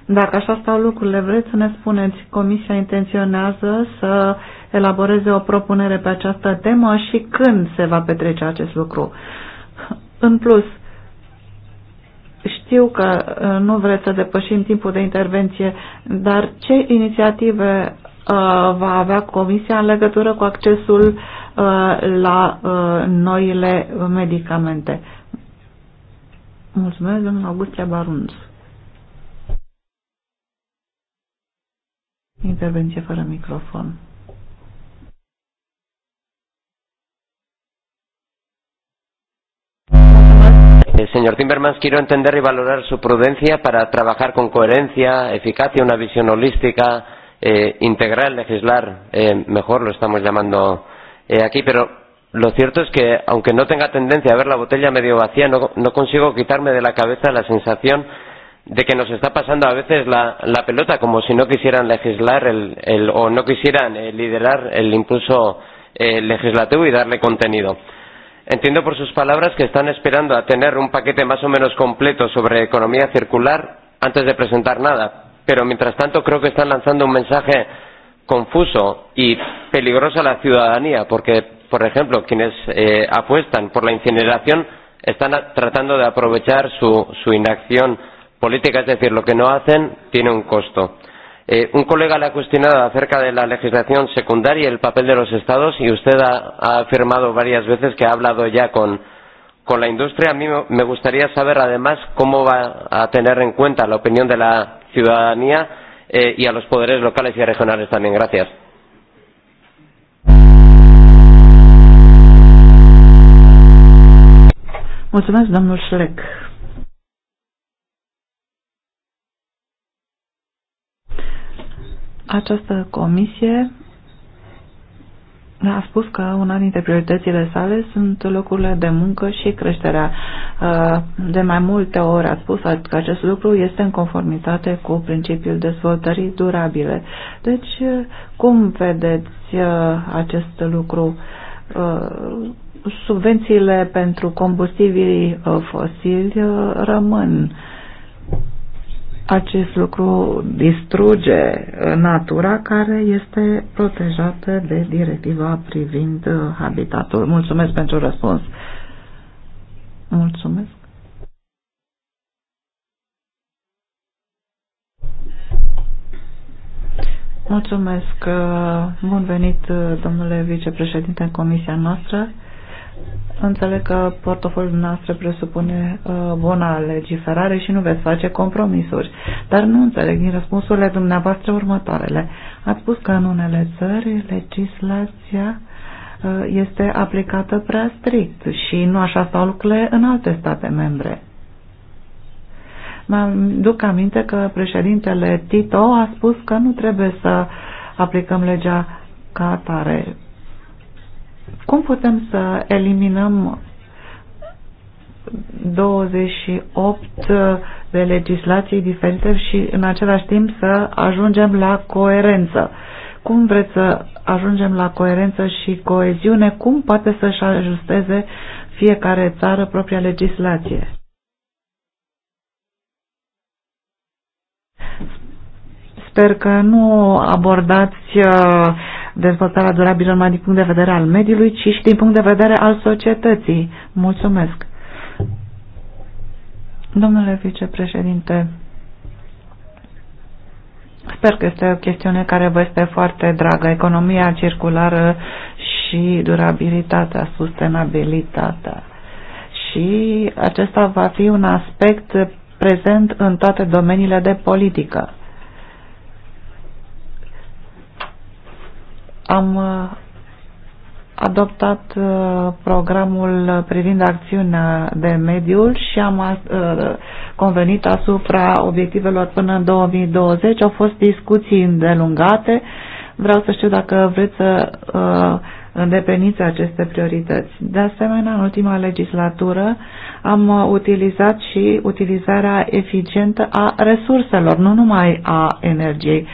Dacă așa stau lucrurile, vreți să ne spuneți, Comisia intenționează să elaboreze o propunere pe această temă și când se va petrece acest lucru? În plus, știu că uh, nu vreți să depășim timpul de intervenție, dar ce inițiative Uh, va avea comisia în legătură cu accesul uh, la uh, noile medicamente. Mulțumesc, domnul Augustia Barunț. Intervenție fără microfon. Señor Timbermans, quiero entender y valorar su prudencia para trabajar con coherencia, eficacia, una visión holística eh, integral, legislar eh, mejor, lo estamos llamando eh, aquí, pero lo cierto es que, aunque no tenga tendencia a ver la botella medio vacía, no, no consigo quitarme de la cabeza la sensación de que nos está pasando a veces la, la pelota, como si no quisieran legislar el, el, o no quisieran eh, liderar el impulso eh, legislativo y darle contenido. Entiendo por sus palabras que están esperando a tener un paquete más o menos completo sobre economía circular antes de presentar nada, pero mientras tanto creo que están lanzando un mensaje confuso y peligroso a la ciudadanía, porque, por ejemplo, quienes eh, apuestan por la incineración están tratando de aprovechar su, su inacción política, es decir, lo que no hacen tiene un costo. Eh, un colega le ha cuestionado acerca de la legislación secundaria y el papel de los Estados y usted ha, ha afirmado varias veces que ha hablado ya con, con la industria. A mí me gustaría saber, además, cómo va a tener en cuenta la opinión de la ciudadanía eh, y a los poderes locales y regionales también. Gracias. Mulțumesc, domnul Șlec. Această comisie a spus că una dintre prioritățile sale sunt locurile de muncă și creșterea. De mai multe ori a spus că acest lucru este în conformitate cu principiul dezvoltării durabile. Deci, cum vedeți acest lucru? Subvențiile pentru combustibilii fosili rămân acest lucru distruge uh, natura care este protejată de directiva privind uh, habitatul. Mulțumesc pentru răspuns. Mulțumesc. Mulțumesc. Uh, bun venit, domnule vicepreședinte, în comisia noastră. Înțeleg că portofoliul noastră presupune uh, bună legiferare și nu veți face compromisuri, dar nu înțeleg din răspunsurile dumneavoastră următoarele. Ați spus că în unele țări legislația uh, este aplicată prea strict și nu așa stau lucrurile în alte state membre. Mă duc aminte că președintele Tito a spus că nu trebuie să aplicăm legea ca atare cum putem să eliminăm 28 de legislații diferite și în același timp să ajungem la coerență? Cum vreți să ajungem la coerență și coeziune? Cum poate să-și ajusteze fiecare țară propria legislație? Sper că nu abordați uh, dezvoltarea durabilă numai din punct de vedere al mediului, ci și din punct de vedere al societății. Mulțumesc. Domnule vicepreședinte, sper că este o chestiune care vă este foarte dragă, economia circulară și durabilitatea, sustenabilitatea. Și acesta va fi un aspect prezent în toate domeniile de politică. Am uh, adoptat uh, programul privind acțiunea de mediul și am uh, convenit asupra obiectivelor până în 2020. Au fost discuții îndelungate. Vreau să știu dacă vreți să îndepeniți aceste priorități. De asemenea, în ultima legislatură am utilizat și utilizarea eficientă a resurselor, nu numai a energiei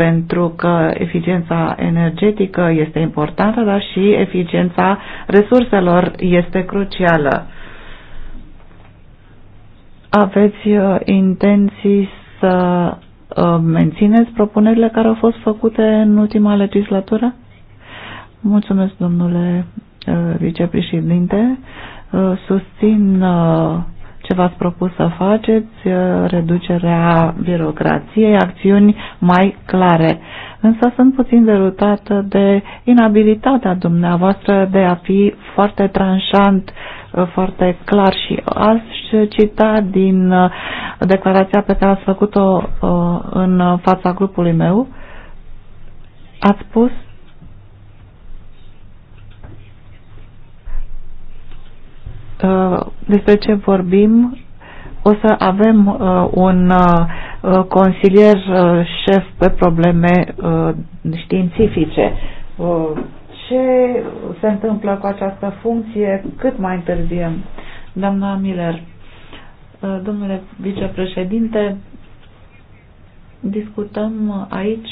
pentru că eficiența energetică este importantă, dar și eficiența resurselor este crucială. Aveți uh, intenții să uh, mențineți propunerile care au fost făcute în ultima legislatură? Mulțumesc, domnule uh, vicepreședinte. Susțin ce v-ați propus să faceți, uh, reducerea birocrației, acțiuni mai clare. Însă sunt puțin derutată de inabilitatea dumneavoastră de a fi foarte tranșant, uh, foarte clar și aș cita din uh, declarația pe care ați făcut-o în fața grupului meu. Ați spus Uh, despre ce vorbim, o să avem uh, un uh, consilier șef pe probleme științifice. Ce se întâmplă cu această funcție? Cât mai întârziem? Doamna Miller, domnule vicepreședinte, discutăm aici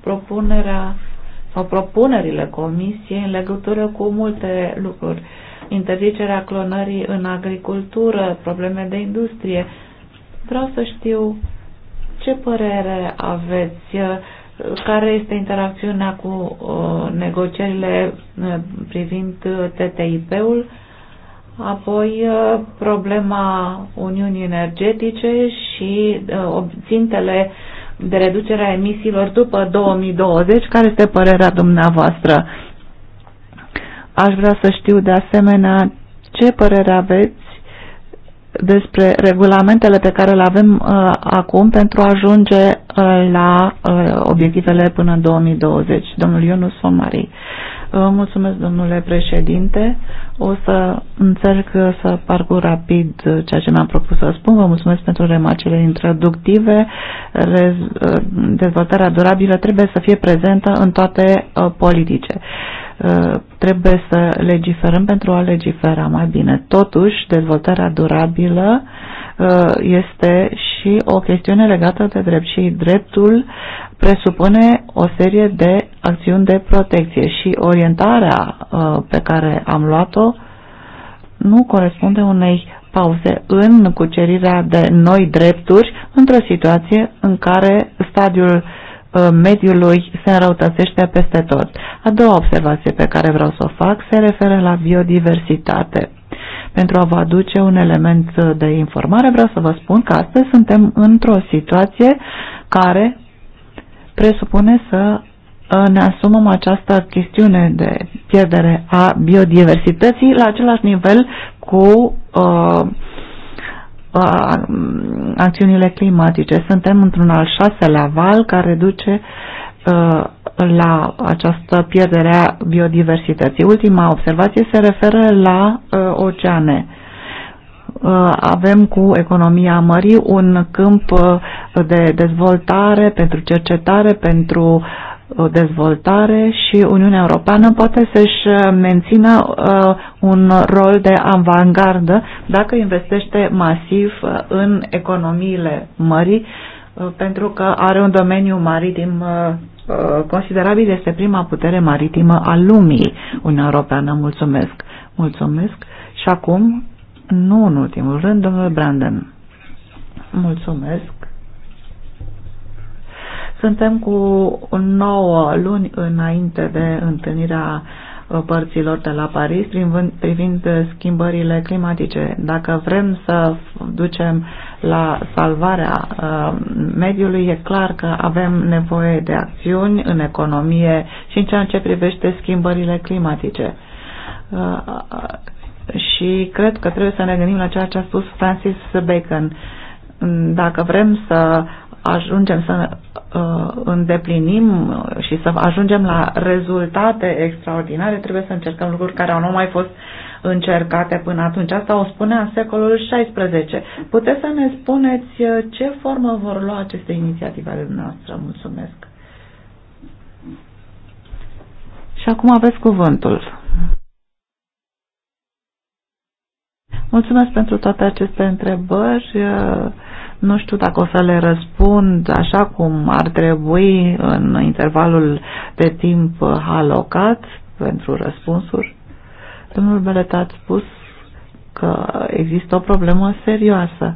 propunerea sau propunerile comisiei în legătură cu multe lucruri interzicerea clonării în agricultură, probleme de industrie. Vreau să știu ce părere aveți, uh, care este interacțiunea cu uh, negocierile uh, privind TTIP-ul, apoi problema Uniunii Energetice și obțintele de reducerea emisiilor după 2020. Care este părerea dumneavoastră? Aș vrea să știu de asemenea ce părere aveți despre regulamentele pe care le avem uh, acum pentru a ajunge uh, la uh, obiectivele până în 2020. Domnul Ionus Somari. Uh, mulțumesc, domnule președinte. O să încerc să parcur rapid uh, ceea ce mi-am propus să spun. Vă mulțumesc pentru remarcele introductive. Rez, uh, dezvoltarea durabilă trebuie să fie prezentă în toate uh, politice. Uh, Uh, trebuie să legiferăm pentru a legifera mai bine. Totuși, dezvoltarea durabilă uh, este și o chestiune legată de drept și dreptul presupune o serie de acțiuni de protecție și orientarea uh, pe care am luat-o nu corespunde unei pauze în cucerirea de noi drepturi într-o situație în care stadiul Uh, mediului se înrăutățește peste tot. A doua observație pe care vreau să o fac se referă la biodiversitate. Pentru a vă aduce un element de informare, vreau să vă spun că astăzi suntem într-o situație care presupune să uh, ne asumăm această chestiune de pierdere a biodiversității la același nivel cu uh, acțiunile climatice. Suntem într-un al șaselea val care duce la această pierdere a biodiversității. Ultima observație se referă la oceane avem cu economia mării un câmp de dezvoltare pentru cercetare, pentru dezvoltare și Uniunea Europeană poate să-și uh, mențină uh, un rol de avangardă dacă investește masiv uh, în economiile mării, uh, pentru că are un domeniu maritim uh, uh, considerabil, este prima putere maritimă a lumii Uniunea Europeană. Mulțumesc! Mulțumesc! Și acum, nu în ultimul rând, domnul Brandon. Mulțumesc! Suntem cu 9 luni înainte de întâlnirea uh, părților de la Paris privind uh, schimbările climatice. Dacă vrem să ducem la salvarea uh, mediului, e clar că avem nevoie de acțiuni în economie și în ceea ce privește schimbările climatice. Și cred că trebuie să ne gândim la ceea ce a spus Francis Bacon. Dacă vrem să ajungem să uh, îndeplinim și să ajungem la rezultate extraordinare, trebuie să încercăm lucruri care au nu mai fost încercate până atunci. Asta o spunea secolul XVI. Puteți să ne spuneți uh, ce formă vor lua aceste inițiative ale noastre? Mulțumesc! Și acum aveți cuvântul. Mulțumesc pentru toate aceste întrebări. Uh, nu știu dacă o să le răspund așa cum ar trebui în intervalul de timp alocat pentru răspunsuri. Domnul Beleta a spus că există o problemă serioasă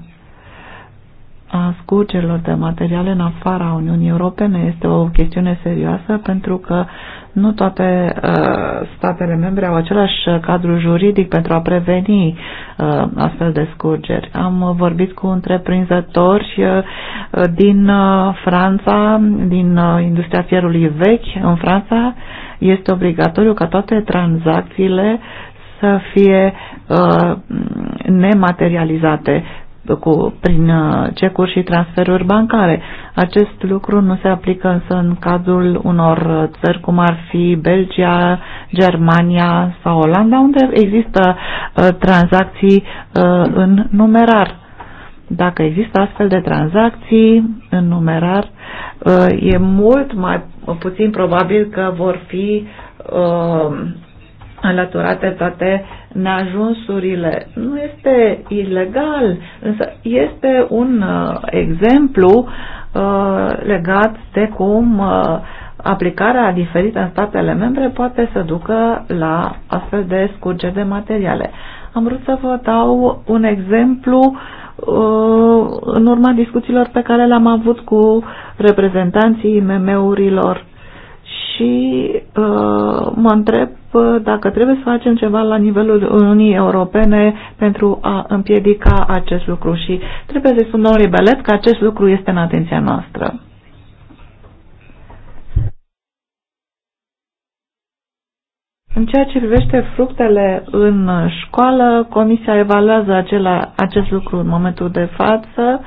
a scurgerilor de materiale în afara Uniunii Europene este o chestiune serioasă pentru că nu toate uh, statele membre au același uh, cadru juridic pentru a preveni uh, astfel de scurgeri. Am vorbit cu întreprinzători uh, din uh, Franța, din uh, industria fierului vechi în Franța. Este obligatoriu ca toate tranzacțiile să fie uh, nematerializate cu, prin uh, cecuri și transferuri bancare. Acest lucru nu se aplică însă în cazul unor țări cum ar fi Belgia, Germania sau Olanda, unde există uh, tranzacții uh, în numerar. Dacă există astfel de tranzacții în numerar, uh, e mult mai puțin probabil că vor fi uh, înlăturate toate uh, neajunsurile. Nu este ilegal, însă este un uh, exemplu uh, legat de cum uh, aplicarea diferită în statele membre poate să ducă la astfel de scurgeri de materiale. Am vrut să vă dau un exemplu uh, în urma discuțiilor pe care le-am avut cu reprezentanții mm urilor și uh, mă întreb uh, dacă trebuie să facem ceva la nivelul Uniunii Europene pentru a împiedica acest lucru și trebuie să spun domnului Belet că acest lucru este în atenția noastră. În ceea ce privește fructele în școală, Comisia evaluează acela, acest lucru în momentul de față.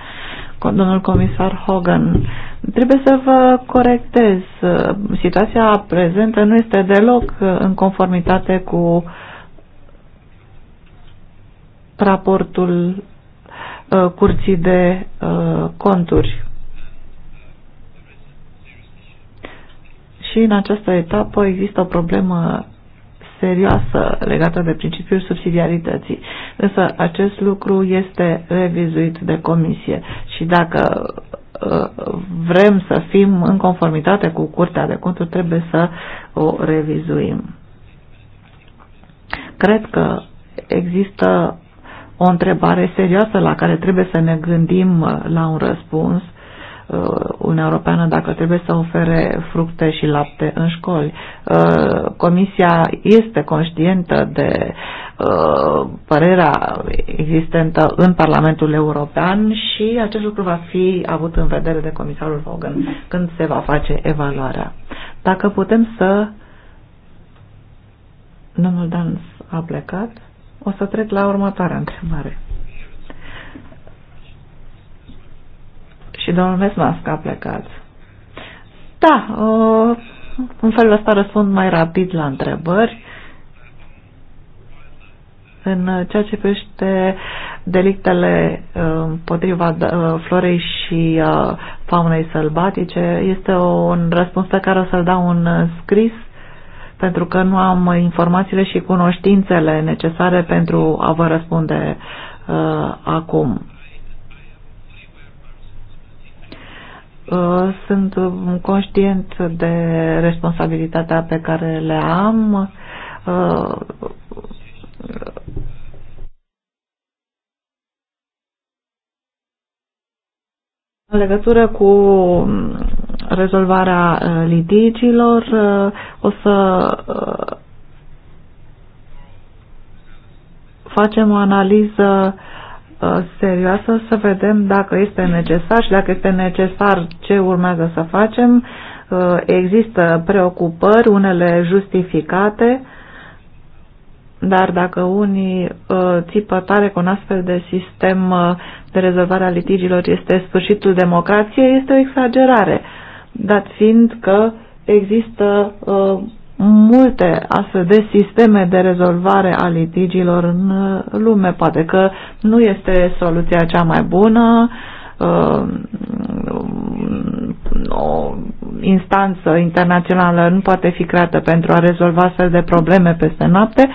Domnul comisar Hogan Trebuie să vă corectez. Uh, situația prezentă nu este deloc uh, în conformitate cu raportul uh, curții de conturi. Și în această etapă există o problemă serioasă legată de principiul subsidiarității. Însă acest lucru este revizuit de comisie și dacă Uh, vrem să fim în conformitate cu Curtea de Conturi, trebuie să o revizuim. Cred că există o întrebare serioasă la care trebuie să ne gândim uh, la un răspuns uh, Uniunea Europeană dacă trebuie să ofere fructe și lapte în școli. Comisia este conștientă de Uh, părerea existentă în Parlamentul European și acest lucru va fi avut în vedere de comisarul Vogan când se va face evaluarea. Dacă putem să... Domnul Dans a plecat. O să trec la următoarea întrebare. Și domnul Vesmasc a plecat. Da, uh, în felul ăsta răspund mai rapid la întrebări în ceea ce privește delictele uh, împotriva uh, florei și uh, faunei sălbatice, este un răspuns pe care o să-l dau un scris pentru că nu am informațiile și cunoștințele necesare pentru a vă răspunde uh, acum. Uh, sunt conștient de responsabilitatea pe care le am. Uh, În legătură cu mm, rezolvarea uh, litigiilor, uh, o să uh, facem o analiză serioasă să vedem dacă este necesar și dacă este necesar ce urmează să facem. Există preocupări, unele justificate, dar dacă unii uh, țipă tare cu un astfel de sistem uh, de rezolvare a litigilor este sfârșitul democrației, este o exagerare, dat fiind că există uh, multe astfel de sisteme de rezolvare a litigiilor în uh, lume. Poate că nu este soluția cea mai bună, uh, o instanță internațională nu poate fi creată pentru a rezolva astfel de probleme peste noapte,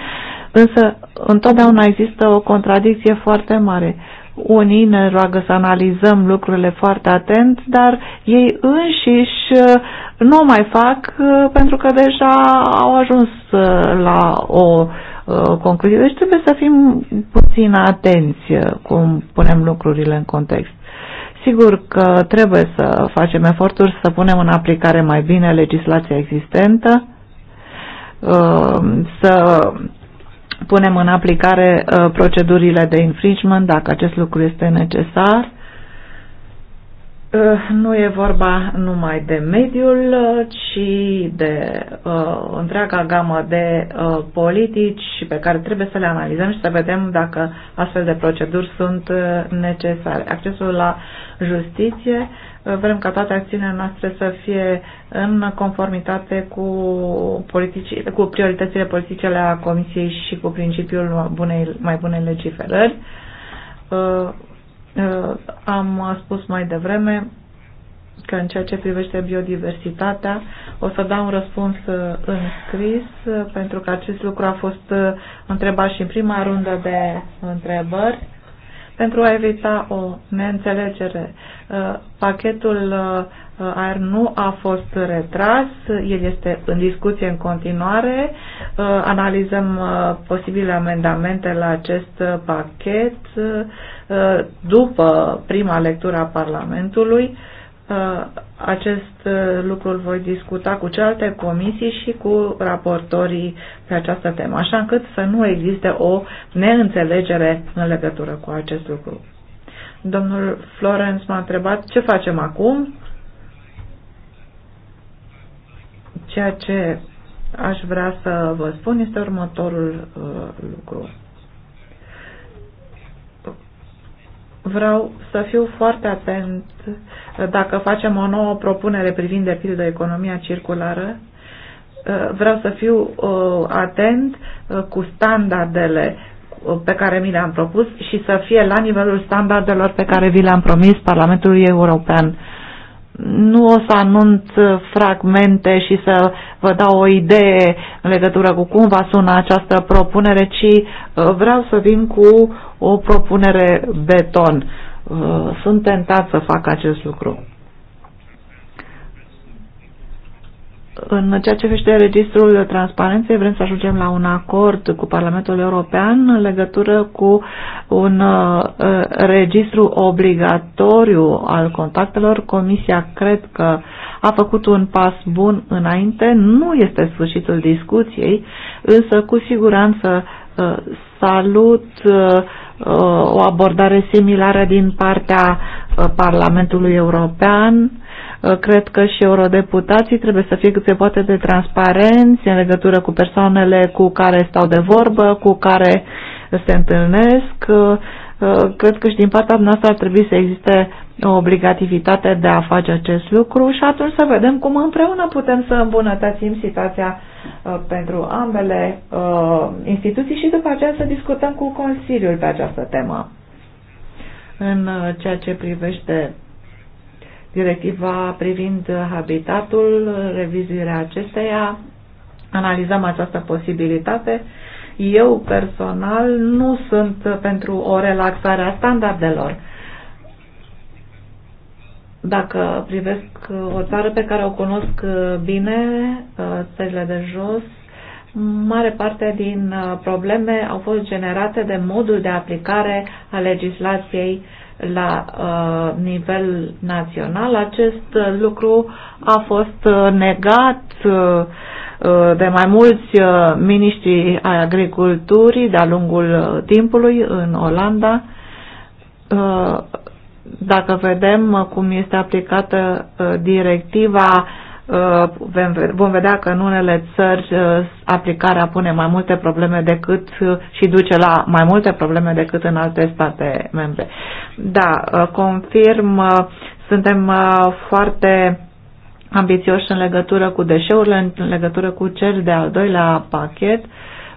Însă, întotdeauna există o contradicție foarte mare. Unii ne roagă să analizăm lucrurile foarte atent, dar ei înșiși uh, nu o mai fac uh, pentru că deja au ajuns uh, la o concluzie. Deci trebuie să fim puțin atenți cum punem lucrurile în context. Sigur că trebuie să facem eforturi să punem în aplicare mai bine legislația existentă, să punem în aplicare uh, procedurile de infringement dacă acest lucru este necesar. Uh, nu e vorba numai de mediul, uh, ci de uh, întreaga gamă de uh, politici pe care trebuie să le analizăm și să vedem dacă astfel de proceduri sunt uh, necesare. Accesul la justiție Uh, vrem ca toate acțiunile noastre să fie în conformitate cu, politici, cu prioritățile politice ale Comisiei și cu principiul bunei, mai bunei legiferări. Uh, uh, am spus mai devreme că în ceea ce privește biodiversitatea o să dau un răspuns în scris pentru că acest lucru a fost întrebat și în prima rundă de întrebări pentru a evita o neînțelegere. Uh, pachetul uh, uh, aer nu a fost retras, el este în discuție în continuare. Analizăm posibile amendamente la acest pachet după prima lectură a Parlamentului Uh, acest uh, lucru îl voi discuta cu celelalte comisii și cu raportorii pe această temă, așa încât să nu existe o neînțelegere în legătură cu acest lucru. Domnul Florence m-a întrebat ce facem acum, ceea ce aș vrea să vă spun este următorul uh, lucru. vreau să fiu foarte atent uh, dacă facem o nouă propunere privind de pildă economia circulară. Uh, vreau să fiu uh, atent cu standardele pe care mi le-am propus și să fie la nivelul standardelor pe care vi le-am promis Parlamentului European nu o să anunț fragmente și să vă dau o idee în legătură cu cum va suna această propunere, ci uh, vreau să vin cu o propunere beton. Uh, sunt tentat să fac acest lucru. În ceea ce vește registrul transparenței, vrem să ajungem la un acord cu Parlamentul European în legătură cu un uh, registru obligatoriu al contactelor. Comisia cred că a făcut un pas bun înainte, nu este sfârșitul discuției, însă cu siguranță uh, salut uh, uh o abordare similară din partea uh, Parlamentului European Uh, cred că și eurodeputații trebuie să fie cât se poate de transparenți în legătură cu persoanele cu care stau de vorbă, cu care se întâlnesc. Uh, uh, cred că și din partea noastră ar trebui să existe o obligativitate de a face acest lucru și atunci să vedem cum împreună putem să îmbunătățim situația pentru ambele instituții și după aceea să discutăm cu Consiliul pe această temă. În ceea ce privește directiva privind habitatul, revizuirea acesteia. Analizăm această posibilitate. Eu personal nu sunt pentru o relaxare a standardelor. Dacă privesc o țară pe care o cunosc bine, ă, țările de jos, mare parte din probleme au fost generate de modul de aplicare a legislației la uh, nivel național, acest uh, lucru a fost uh, negat uh, uh, de mai mulți uh, miniștri ai agriculturii de-a lungul timpului în Olanda. Uh, dacă vedem cum este aplicată directiva Uh, vom vedea că în unele țări uh, aplicarea pune mai multe probleme decât uh, și duce la mai multe probleme decât în alte state membre. Da, confirm, suntem foarte ambițioși în legătură cu deșeurile, în legătură cu cel de al doilea pachet.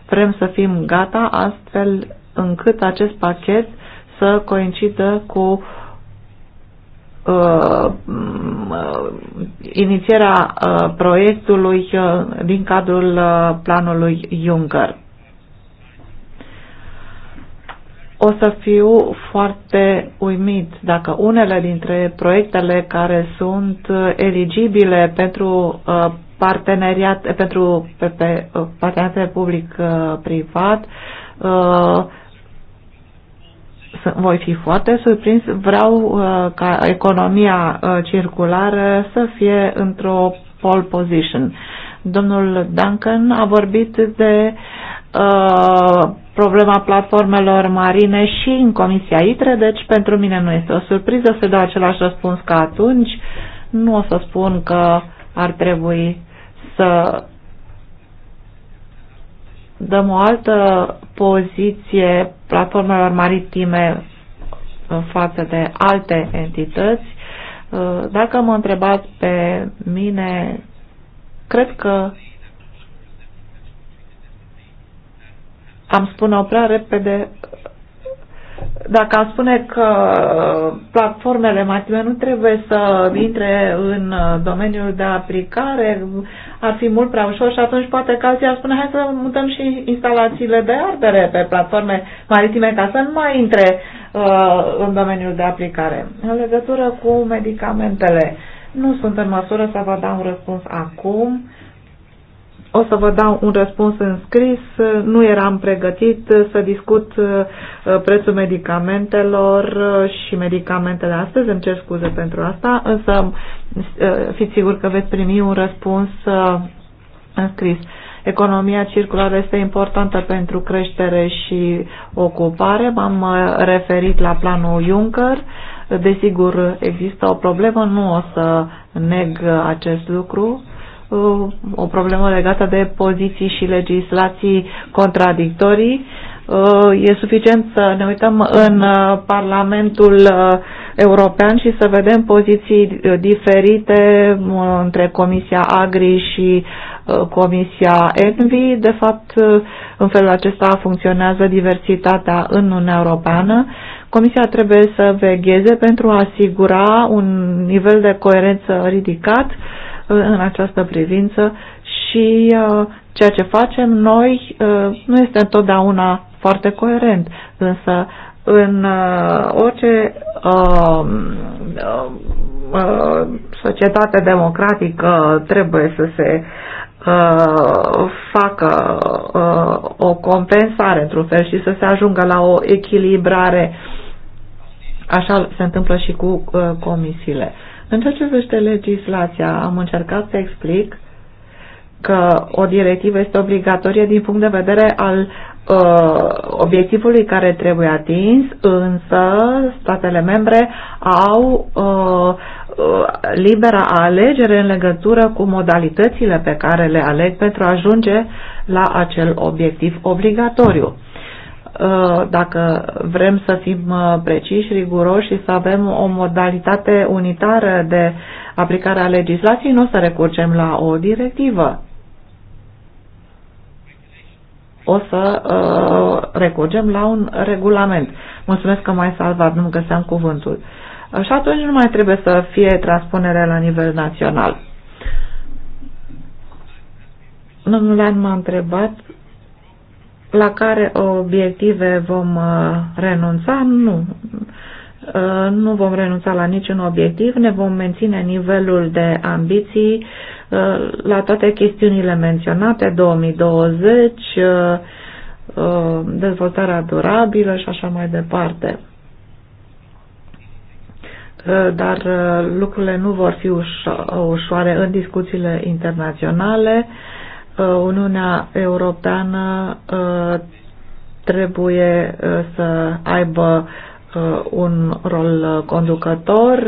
Vrem să fim gata astfel încât acest pachet să coincidă cu Uh, mm, uh, inițierea uh, proiectului uh, din cadrul uh, planului Juncker. O să fiu foarte uimit dacă unele dintre proiectele care sunt uh, eligibile pentru uh, parteneriat, pentru pe, pe, uh, parteneriat public-privat uh, voi fi foarte surprins. Vreau uh, ca economia uh, circulară să fie într-o pole position. Domnul Duncan a vorbit de uh, problema platformelor marine și în Comisia ITRE, deci pentru mine nu este o surpriză să dau același răspuns ca atunci. Nu o să spun că ar trebui să dăm o altă poziție platformelor maritime în față de alte entități. Uh, dacă mă întrebați pe mine, cred că am spune-o prea repede dacă am spune că uh, platformele masive nu trebuie să intre în uh, domeniul de aplicare, ar fi mult prea ușor și atunci poate că alții ar spune hai să mutăm și instalațiile de ardere pe platforme maritime ca să nu mai intre uh, în domeniul de aplicare. În legătură cu medicamentele, nu sunt în măsură să vă dau un răspuns acum. Uh, o să vă dau un răspuns în scris. Nu eram pregătit să discut uh, prețul medicamentelor uh, și medicamentele astăzi. Îmi cer scuze pentru asta, însă uh, fiți sigur că veți primi un răspuns în scris. Economia circulară este importantă pentru creștere și ocupare. M-am referit la planul Juncker. Desigur, există o problemă, nu o să neg acest lucru o problemă legată de poziții și legislații contradictorii. Uh, e suficient să ne uităm în uh, Parlamentul uh, European și să vedem poziții diferite între Comisia Agri și Comisia Envi. De fapt, în felul acesta funcționează diversitatea în Uniunea Europeană. Comisia trebuie să vegheze pentru a asigura un nivel de coerență ridicat uh, Uh, în această privință și uh, ceea ce facem noi uh, nu este întotdeauna foarte coerent, însă în orice um, societate democratică trebuie să se facă o compensare într-un fel și să se ajungă la o echilibrare. Așa se întâmplă și cu comisiile. În ceea ce privește legislația, am încercat să explic că o directivă este obligatorie din punct de vedere al uh, obiectivului care trebuie atins, însă statele membre au uh, uh, libera alegere în legătură cu modalitățile pe care le aleg pentru a ajunge la acel obiectiv obligatoriu. Uh, dacă vrem să fim uh, preciși, riguroși și să avem o modalitate unitară de aplicare a legislației, nu o să recurgem la o directivă. O să uh, recurgem la un regulament. Mulțumesc că m-ai salvat, nu găseam cuvântul. Și atunci nu mai trebuie să fie transpunere la nivel național. Domnule, m-a întrebat la care obiective vom uh, renunța? Nu. Uh, nu vom renunța la niciun obiectiv, ne vom menține nivelul de ambiții uh, la toate chestiunile menționate, 2020, dezvoltarea durabilă și așa mai departe. Dar lucrurile nu vor fi ușoare în discuțiile internaționale. Uh, Uniunea Europeană uh, trebuie uh, să aibă un rol conducător.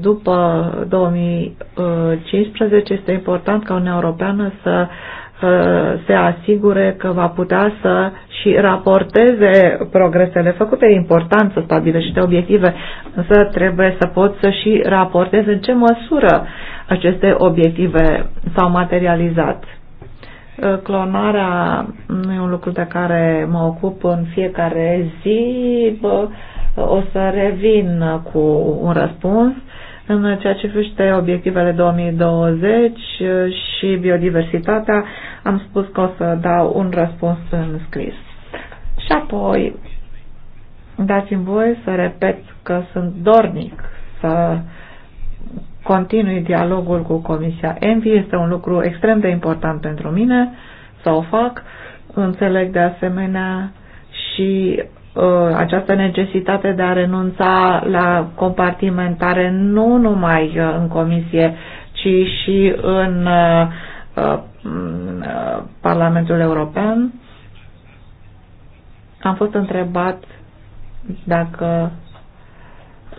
După 2015 este important ca Uniunea Europeană să se asigure că va putea să și raporteze progresele făcute. E important să stabilește obiective, însă trebuie să poți să și raporteze în ce măsură aceste obiective s-au materializat. Uh, clonarea nu e un lucru de care mă ocup în fiecare zi. O să revin cu un răspuns în ceea ce fiște obiectivele 2020 uh, și biodiversitatea, am spus că o să dau un răspuns în scris. Și apoi, dați-mi voi să repet că sunt dornic să continui dialogul cu Comisia Envi. Este un lucru extrem de important pentru mine să o fac. Înțeleg de asemenea și uh, această necesitate de a renunța la compartimentare nu numai uh, în comisie, ci și în uh, uh, uh Parlamentul European. Am fost întrebat dacă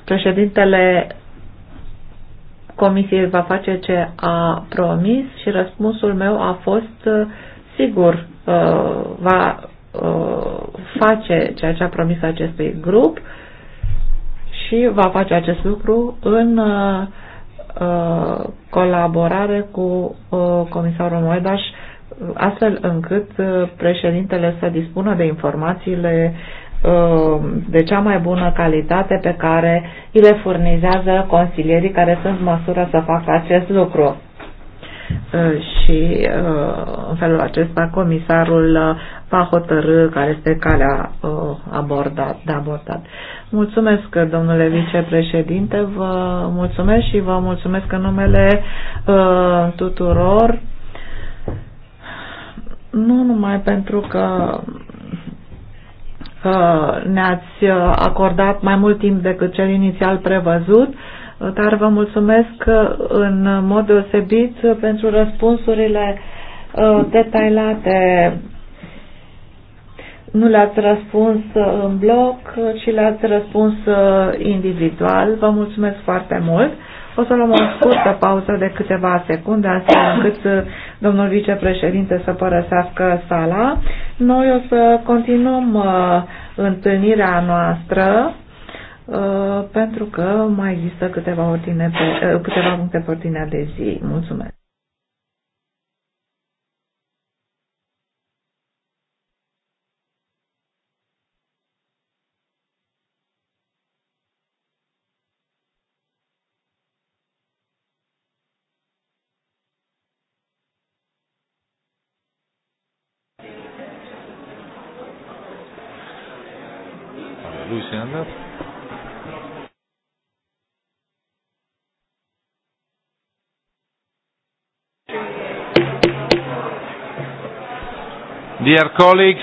președintele comisiei va face ce a promis și răspunsul meu a fost uh, sigur, uh, va uh, face ceea ce a promis acestui grup și va face acest lucru în colaborare cu comisarul Moedaș astfel încât uh, președintele să dispună de informațiile uh, de cea mai bună calitate pe care îi le furnizează consilierii care sunt în măsură să facă acest lucru. Uh, și în felul acesta comisarul va hotărâ care este calea abordat, de abordat. Mulțumesc, domnule vicepreședinte, vă mulțumesc și vă mulțumesc în numele tuturor nu numai pentru că ne-ați acordat mai mult timp decât cel inițial prevăzut, dar vă mulțumesc în mod deosebit pentru răspunsurile uh, detailate. Nu le-ați răspuns în bloc, ci le-ați răspuns uh, individual. Vă mulțumesc foarte mult. O să luăm o scurtă pauză de câteva secunde, astfel încât uh, domnul vicepreședinte să părăsească sala. Noi o să continuăm uh, întâlnirea noastră uh, pentru că mai există câteva, ordine pe, uh, câteva puncte pe ordinea de zi. Mulțumesc! Dear colleagues,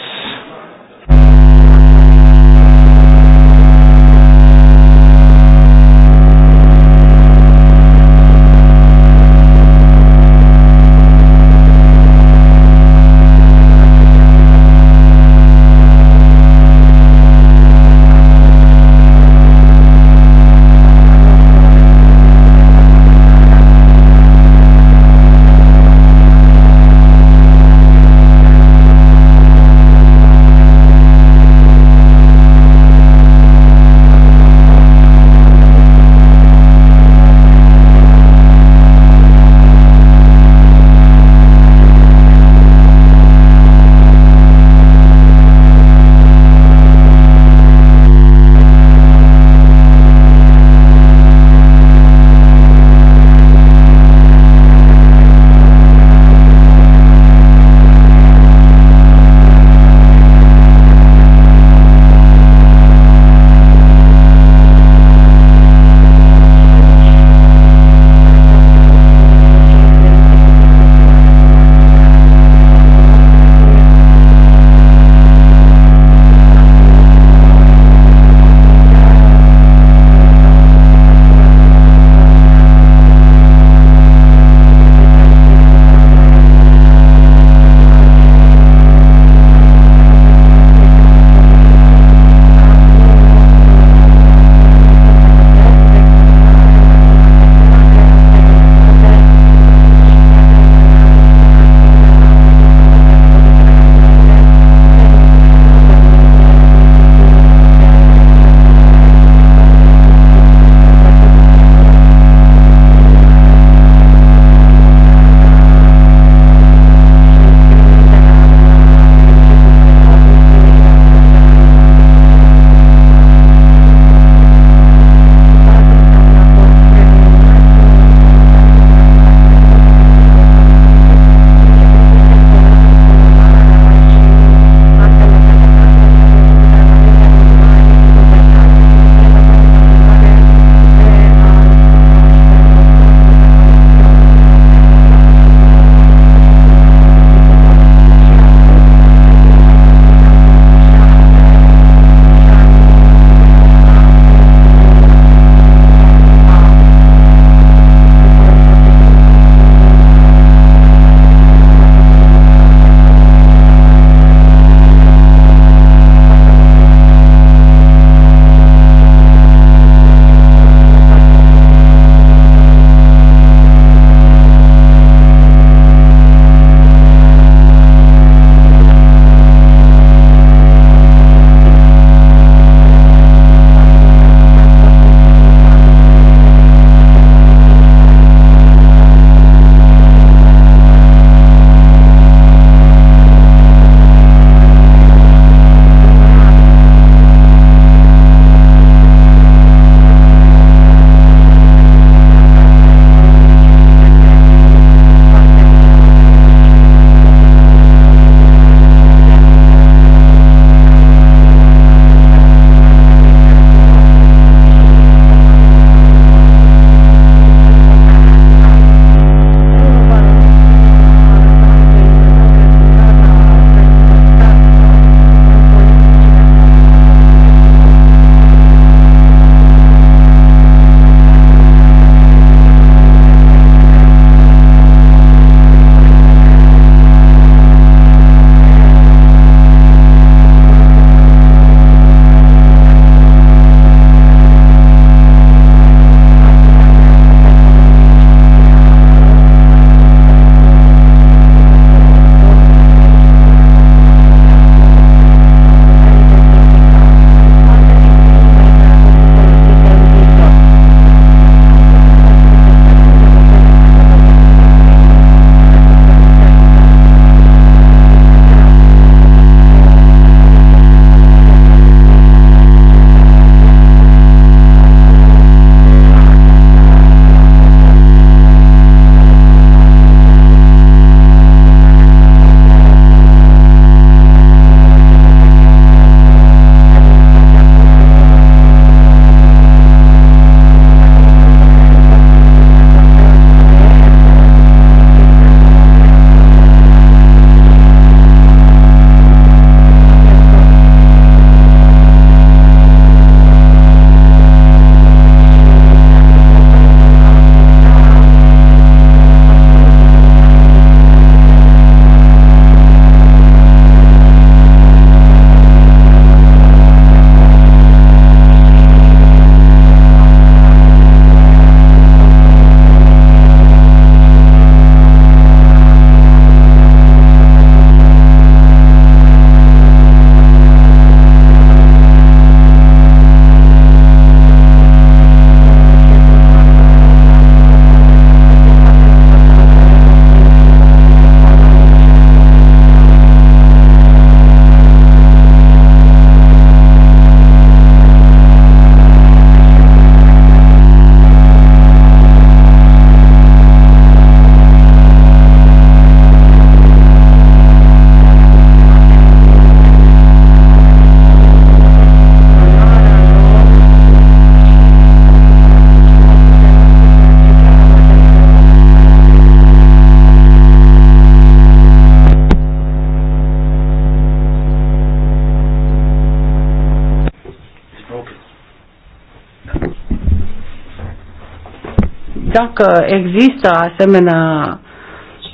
dacă există asemenea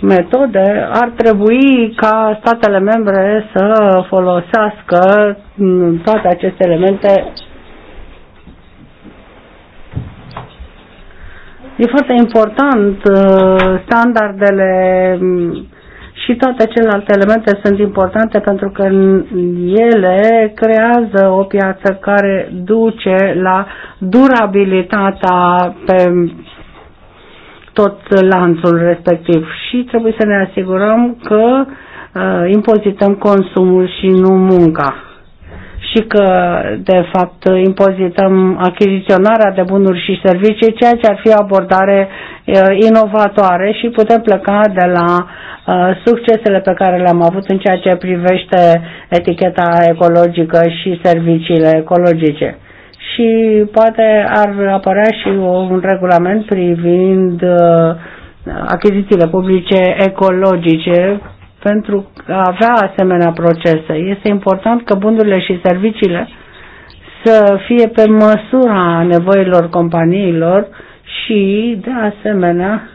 metode, ar trebui ca statele membre să folosească mm, toate aceste elemente. E foarte important, uh, standardele mm, și toate celelalte elemente sunt importante pentru că ele creează o piață care duce la durabilitatea pe tot lanțul respectiv și trebuie să ne asigurăm că uh, impozităm consumul și nu munca și că, de fapt, impozităm achiziționarea de bunuri și servicii, ceea ce ar fi o abordare uh, inovatoare și putem pleca de la uh, succesele pe care le-am avut în ceea ce privește eticheta ecologică și serviciile ecologice și poate ar apărea și un regulament privind uh, achizițiile publice ecologice pentru a avea asemenea procese. Este important că bunurile și serviciile să fie pe măsura nevoilor companiilor și, de asemenea,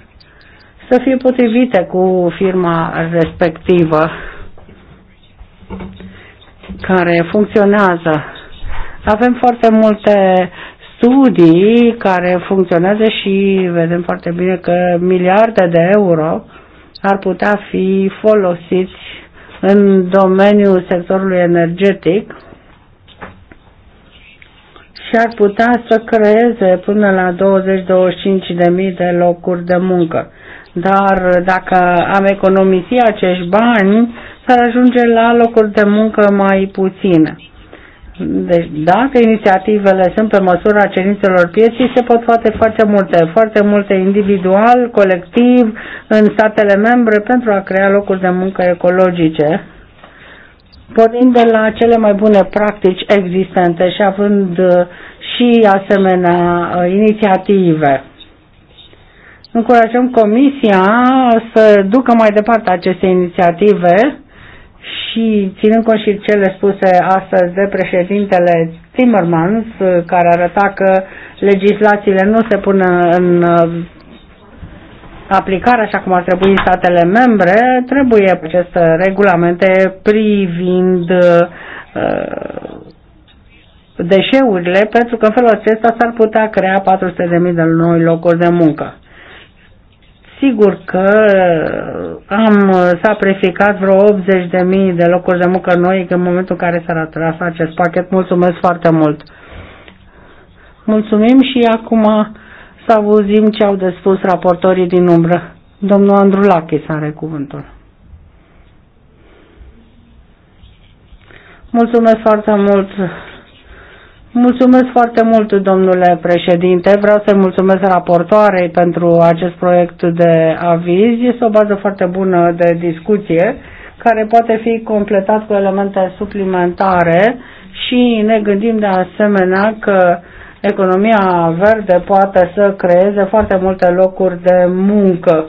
să fie potrivite cu firma respectivă care funcționează avem foarte multe studii care funcționează și vedem foarte bine că miliarde de euro ar putea fi folosiți în domeniul sectorului energetic și ar putea să creeze până la 20-25 de mii de locuri de muncă. Dar dacă am economisit acești bani, s-ar ajunge la locuri de muncă mai puține. Deci dacă inițiativele sunt pe măsura cerințelor pieții, se pot face foarte multe, foarte multe individual, colectiv, în statele membre pentru a crea locuri de muncă ecologice, pornind de la cele mai bune practici existente și având uh, și asemenea uh, inițiative. Încurajăm Comisia să ducă mai departe aceste inițiative și ținând cont și cele spuse astăzi de președintele Timmermans, care arăta că legislațiile nu se pun în aplicare așa cum ar trebui în statele membre, trebuie aceste regulamente privind uh, deșeurile, pentru că în felul acesta s-ar putea crea 400.000 de noi locuri de muncă. Sigur că am sacrificat vreo 80 de mii de locuri de muncă noi în momentul în care s-a retras acest pachet. Mulțumesc foarte mult! Mulțumim și acum să auzim ce au de spus raportorii din umbră. Domnul Andrulache să are cuvântul. Mulțumesc foarte mult, Mulțumesc foarte mult, domnule președinte. Vreau să mulțumesc raportoarei pentru acest proiect de aviz. Este o bază foarte bună de discuție care poate fi completat cu elemente suplimentare și ne gândim de asemenea că economia verde poate să creeze foarte multe locuri de muncă.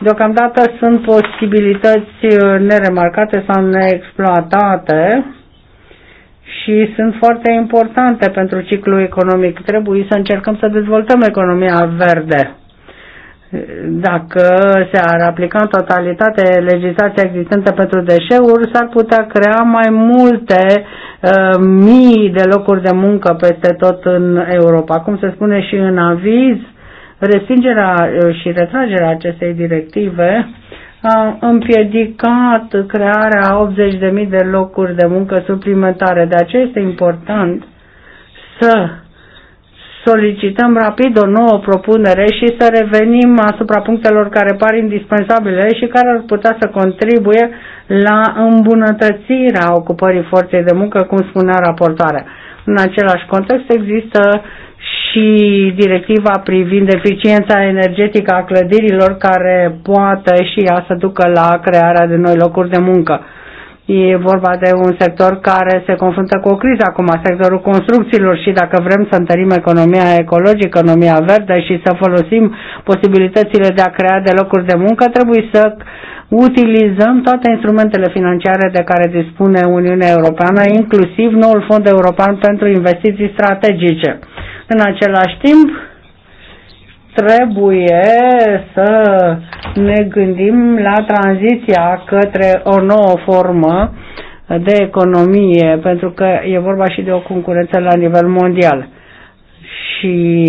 Deocamdată sunt posibilități neremarcate sau neexploatate și sunt foarte importante pentru ciclul economic. Trebuie să încercăm să dezvoltăm economia verde. Dacă se ar aplica în totalitate legislația existentă pentru deșeuri, s-ar putea crea mai multe uh, mii de locuri de muncă peste tot în Europa. Cum se spune și în aviz, respingerea uh, și retragerea acestei directive a împiedicat crearea 80.000 de locuri de muncă suplimentare. De aceea este important să solicităm rapid o nouă propunere și să revenim asupra punctelor care par indispensabile și care ar putea să contribuie la îmbunătățirea ocupării forței de muncă, cum spunea raportarea. În același context există și directiva privind eficiența energetică a clădirilor care poate și ea să ducă la crearea de noi locuri de muncă. E vorba de un sector care se confruntă cu o criză acum, sectorul construcțiilor și dacă vrem să întărim economia ecologică, economia verde și să folosim posibilitățile de a crea de locuri de muncă, trebuie să utilizăm toate instrumentele financiare de care dispune Uniunea Europeană, inclusiv noul Fond European pentru Investiții Strategice. În același timp, trebuie să ne gândim la tranziția către o nouă formă de economie, pentru că e vorba și de o concurență la nivel mondial. Și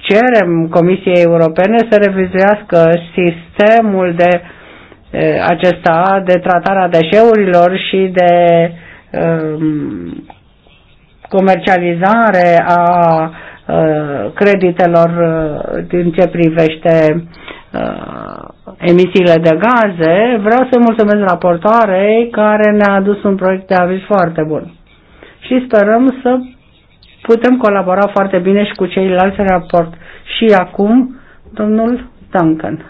cerem Comisiei Europene să revizuiască sistemul de acesta de tratarea deșeurilor și de um, comercializare a uh, creditelor uh, din ce privește uh, emisiile de gaze, vreau să mulțumesc raportoarei care ne-a adus un proiect de aviz foarte bun. Și sperăm să putem colabora foarte bine și cu ceilalți raport. Și acum, domnul Duncan.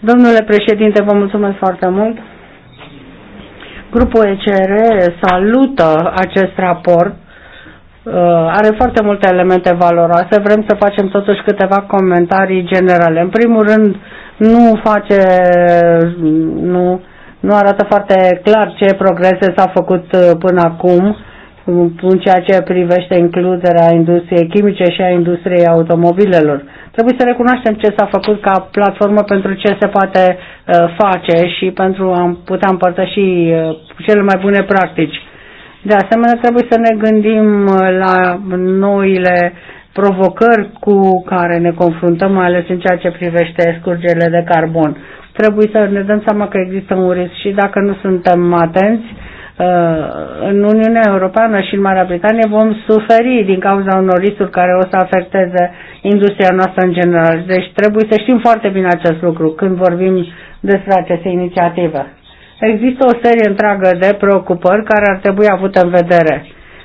Domnule președinte, vă mulțumesc foarte mult. Grupul ECR salută acest raport. Uh, are foarte multe elemente valoroase. Vrem să facem totuși câteva comentarii generale. În primul rând, nu face, nu, nu arată foarte clar ce progrese s-au făcut uh, până acum în ceea ce privește includerea industriei chimice și a industriei automobilelor. Trebuie să recunoaștem ce s-a făcut ca platformă pentru ce se poate uh, face și pentru a putea împărtăși uh, cele mai bune practici. De asemenea, trebuie să ne gândim uh, la noile provocări cu care ne confruntăm, mai ales în ceea ce privește scurgerile de carbon. Trebuie să ne dăm seama că există un risc și dacă nu suntem atenți, Uh, în Uniunea Europeană și în Marea Britanie vom suferi din cauza unor riscuri care o să afecteze industria noastră în general. Deci trebuie să știm foarte bine acest lucru când vorbim despre aceste inițiative. Există o serie întreagă de preocupări care ar trebui avute în vedere.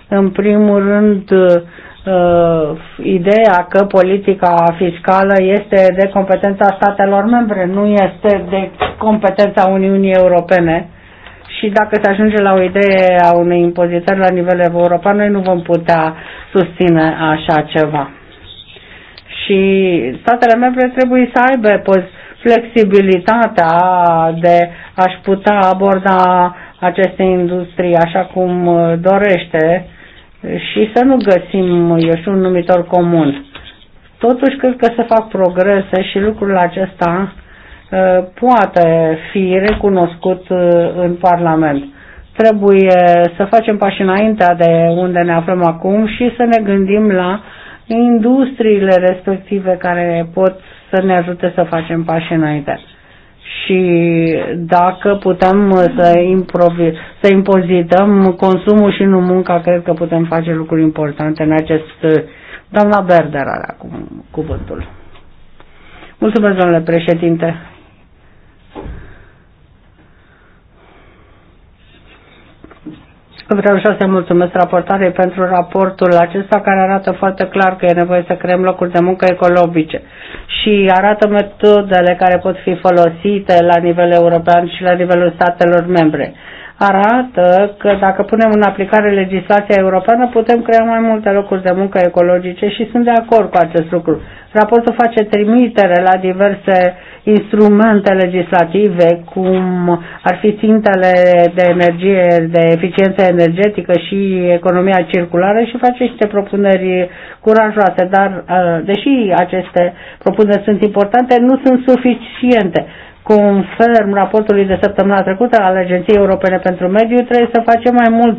În primul rând, uh, ideea că politica fiscală este de competența statelor membre, nu este de competența Uniunii Europene și dacă se ajunge la o idee a unei impozitări la nivel european, noi nu vom putea susține așa ceva. Și statele membre trebuie să aibă flexibilitatea de a-și putea aborda aceste industrii așa cum uh, dorește și să nu găsim, eu știu, un numitor comun. Totuși, cred că se fac progrese și lucrul acesta Uh, poate fi recunoscut uh, în Parlament. Trebuie să facem pași înaintea de unde ne aflăm acum și să ne gândim la industriile respective care pot să ne ajute să facem pași înainte. Și dacă putem uh, să, improvi, să impozităm consumul și nu munca, cred că putem face lucruri importante în acest... Doamna Berder are acum cuvântul. Mulțumesc, domnule președinte. Vreau și să mulțumesc raportarei pentru raportul acesta care arată foarte clar că e nevoie să creăm locuri de muncă ecologice și arată metodele care pot fi folosite la nivel european și la nivelul statelor membre arată că dacă punem în aplicare legislația europeană putem crea mai multe locuri de muncă ecologice și sunt de acord cu acest lucru. Raportul face trimitere la diverse instrumente legislative, cum ar fi țintele de energie, de eficiență energetică și economia circulară și face niște propuneri curajoase, dar uh, deși aceste propuneri sunt importante, nu sunt suficiente. Conform raportului de săptămâna trecută al Agenției Europene pentru Mediu, trebuie să facem mai mult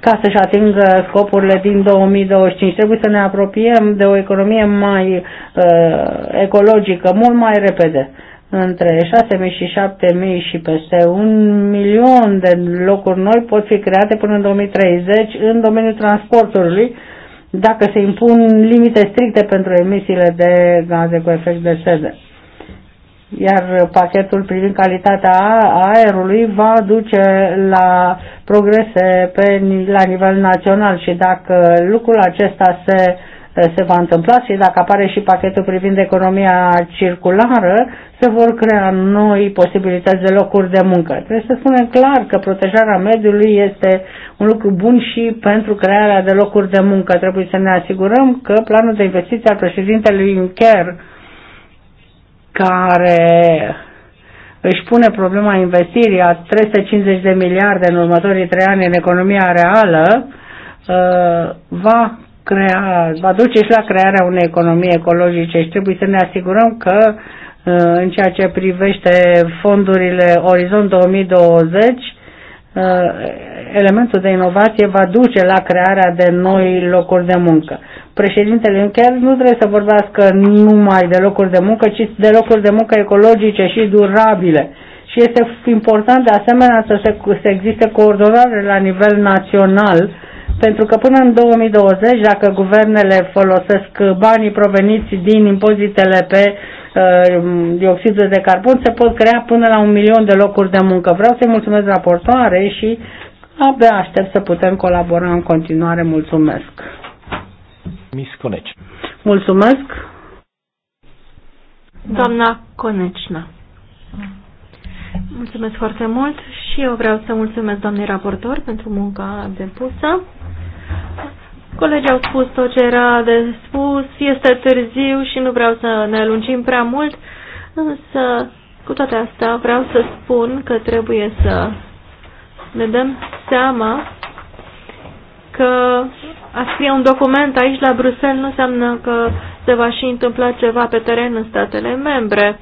ca să-și atingă scopurile din 2025. Trebuie să ne apropiem de o economie mai uh, ecologică, mult mai repede. Între 6.000 și 7.000 și peste un milion de locuri noi pot fi create până în 2030 în domeniul transportului, dacă se impun limite stricte pentru emisiile de gaze cu efect de sede iar pachetul privind calitatea aerului va duce la progrese pe, la nivel național și dacă lucrul acesta se, se va întâmpla și dacă apare și pachetul privind economia circulară, se vor crea noi posibilități de locuri de muncă. Trebuie să spunem clar că protejarea mediului este un lucru bun și pentru crearea de locuri de muncă. Trebuie să ne asigurăm că planul de investiție al președintelui Juncker care își pune problema investirii a 350 de miliarde în următorii trei ani în economia reală, uh, va crea, va duce și la crearea unei economii ecologice și trebuie să ne asigurăm că uh, în ceea ce privește fondurile Orizont 2020 Uh, elementul de inovație va duce la crearea de noi locuri de muncă. Președintele Juncker nu trebuie să vorbească numai de locuri de muncă, ci de locuri de muncă ecologice și durabile. Și este important de asemenea să, se, să existe coordonare la nivel național, pentru că până în 2020, dacă guvernele folosesc banii proveniți din impozitele pe uh, Uh, dioxidul de carbon, se pot crea până la un milion de locuri de muncă. Vreau să-i mulțumesc raportoare și abia aștept să putem colabora în continuare. Mulțumesc! Misconeci. Mulțumesc! Doamna Conecina. Mulțumesc foarte mult și eu vreau să mulțumesc doamnei raportor pentru munca depusă. Colegii au spus tot ce era de spus, este târziu și nu vreau să ne lungim prea mult, însă cu toate astea vreau să spun că trebuie să ne dăm seama că a scrie un document aici la Bruxelles nu înseamnă că se va și întâmpla ceva pe teren în statele membre.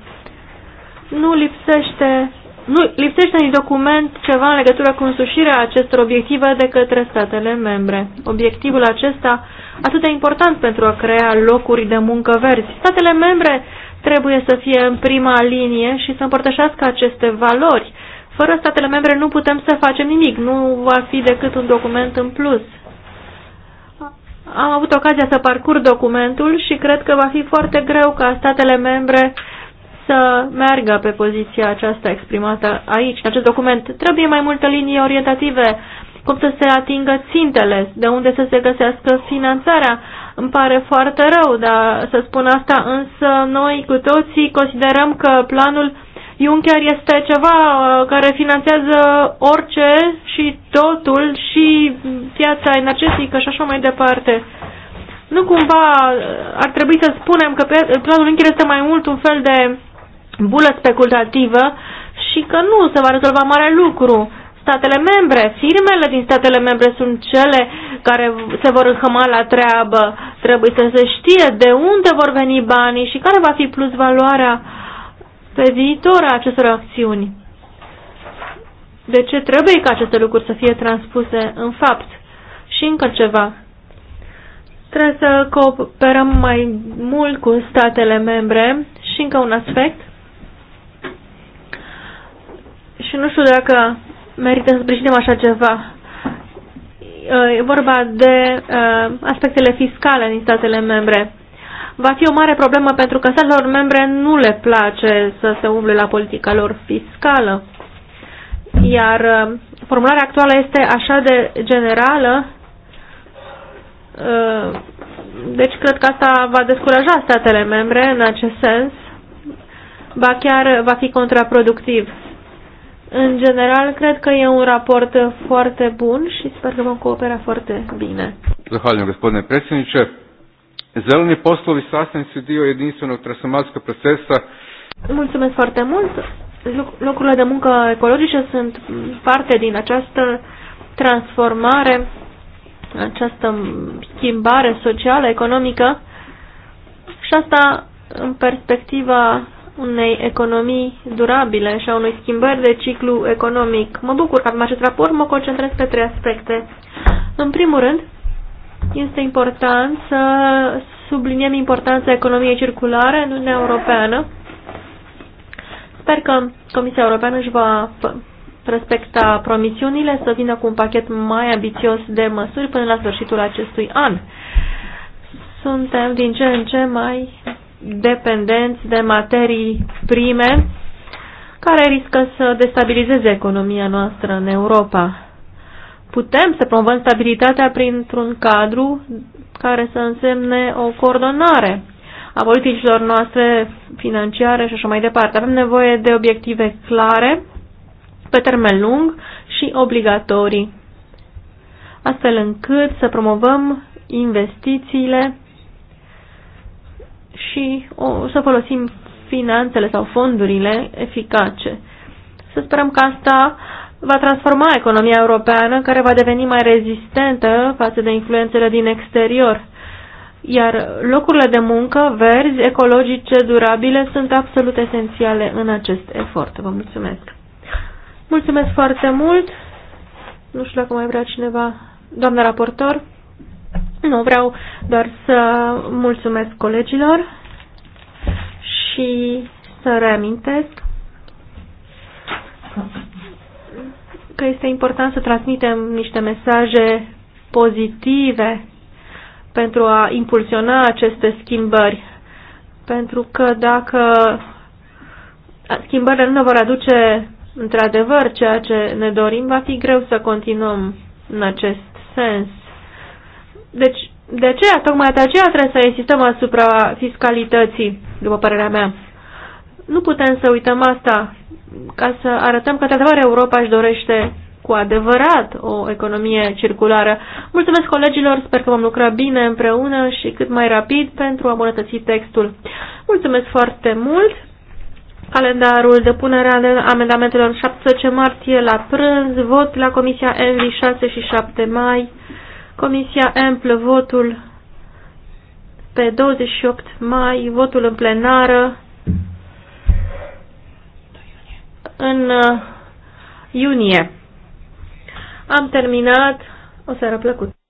Nu lipsește nu lipsește nici document ceva în legătură cu însușirea acestor obiective de către statele membre. Obiectivul acesta atât de important pentru a crea locuri de muncă verzi. Statele membre trebuie să fie în prima linie și să împărtășească aceste valori. Fără statele membre nu putem să facem nimic, nu va fi decât un document în plus. Am avut ocazia să parcurg documentul și cred că va fi foarte greu ca statele membre să meargă pe poziția aceasta exprimată aici, în acest document. Trebuie mai multe linii orientative, cum să se atingă țintele, de unde să se găsească finanțarea. Îmi pare foarte rău dar să spun asta, însă noi cu toții considerăm că planul Juncker este ceva uh, care finanțează orice și totul și piața energetică și așa mai departe. Nu cumva uh, ar trebui să spunem că planul Juncker este mai mult un fel de bulă speculativă și că nu se va rezolva mare lucru. Statele membre, firmele din statele membre sunt cele care se vor înhăma la treabă. Trebuie să se știe de unde vor veni banii și care va fi plus valoarea pe viitor a acestor acțiuni. De ce trebuie ca aceste lucruri să fie transpuse în fapt? Și încă ceva. Trebuie să cooperăm mai mult cu statele membre și încă un aspect. și nu știu dacă merită să sprijinim așa ceva. Uh, e vorba de uh, aspectele fiscale din statele membre. Va fi o mare problemă pentru că statelor membre nu le place să se umble la politica lor fiscală. Iar uh, formularea actuală este așa de generală, deci cred că asta va descuraja statele membre în acest sens, ba chiar va fi contraproductiv. În general, cred că e un raport foarte bun și sper că vom coopera foarte bine. Zahvaljujem, gospodine predsjedniče. Zeleni poslovi sasvim su dio jedinstvenog transformacijskog procesa. Mulțumesc foarte mult. Locurile de muncă ecologice sunt parte din această transformare, această schimbare socială, economică și asta în perspectiva unei economii durabile și a unui schimbări de ciclu economic. Mă bucur că am acest raport, mă concentrez pe trei aspecte. În primul rând, este important să subliniem importanța economiei circulare în Uniunea Europeană. Sper că Comisia Europeană își va respecta promisiunile să vină cu un pachet mai ambițios de măsuri până la sfârșitul acestui an. Suntem din ce în ce mai dependenți de materii prime care riscă să destabilizeze economia noastră în Europa. Putem să promovăm stabilitatea printr-un cadru care să însemne o coordonare a politicilor noastre financiare și așa mai departe. Avem nevoie de obiective clare, pe termen lung și obligatorii, astfel încât să promovăm investițiile și o, să folosim finanțele sau fondurile eficace. Să sperăm că asta va transforma economia europeană, care va deveni mai rezistentă față de influențele din exterior. Iar locurile de muncă verzi, ecologice, durabile sunt absolut esențiale în acest efort. Vă mulțumesc! Mulțumesc foarte mult! Nu știu dacă mai vrea cineva, doamna raportor. Nu vreau doar să mulțumesc colegilor și să reamintesc că este important să transmitem niște mesaje pozitive pentru a impulsiona aceste schimbări. Pentru că dacă schimbările nu ne vor aduce într-adevăr ceea ce ne dorim, va fi greu să continuăm în acest sens. Deci, de aceea, tocmai de aceea trebuie să insistăm asupra fiscalității, după părerea mea. Nu putem să uităm asta ca să arătăm că, într-adevăr, Europa își dorește cu adevărat o economie circulară. Mulțumesc colegilor, sper că vom lucra bine împreună și cât mai rapid pentru a îmbunătăți textul. Mulțumesc foarte mult! Calendarul de punere a amendamentelor 17 martie la prânz, vot la Comisia Envi 6 și 7 mai. Comisia Amplă, votul pe 28 mai, votul în plenară în uh, iunie. Am terminat. O seară plăcută!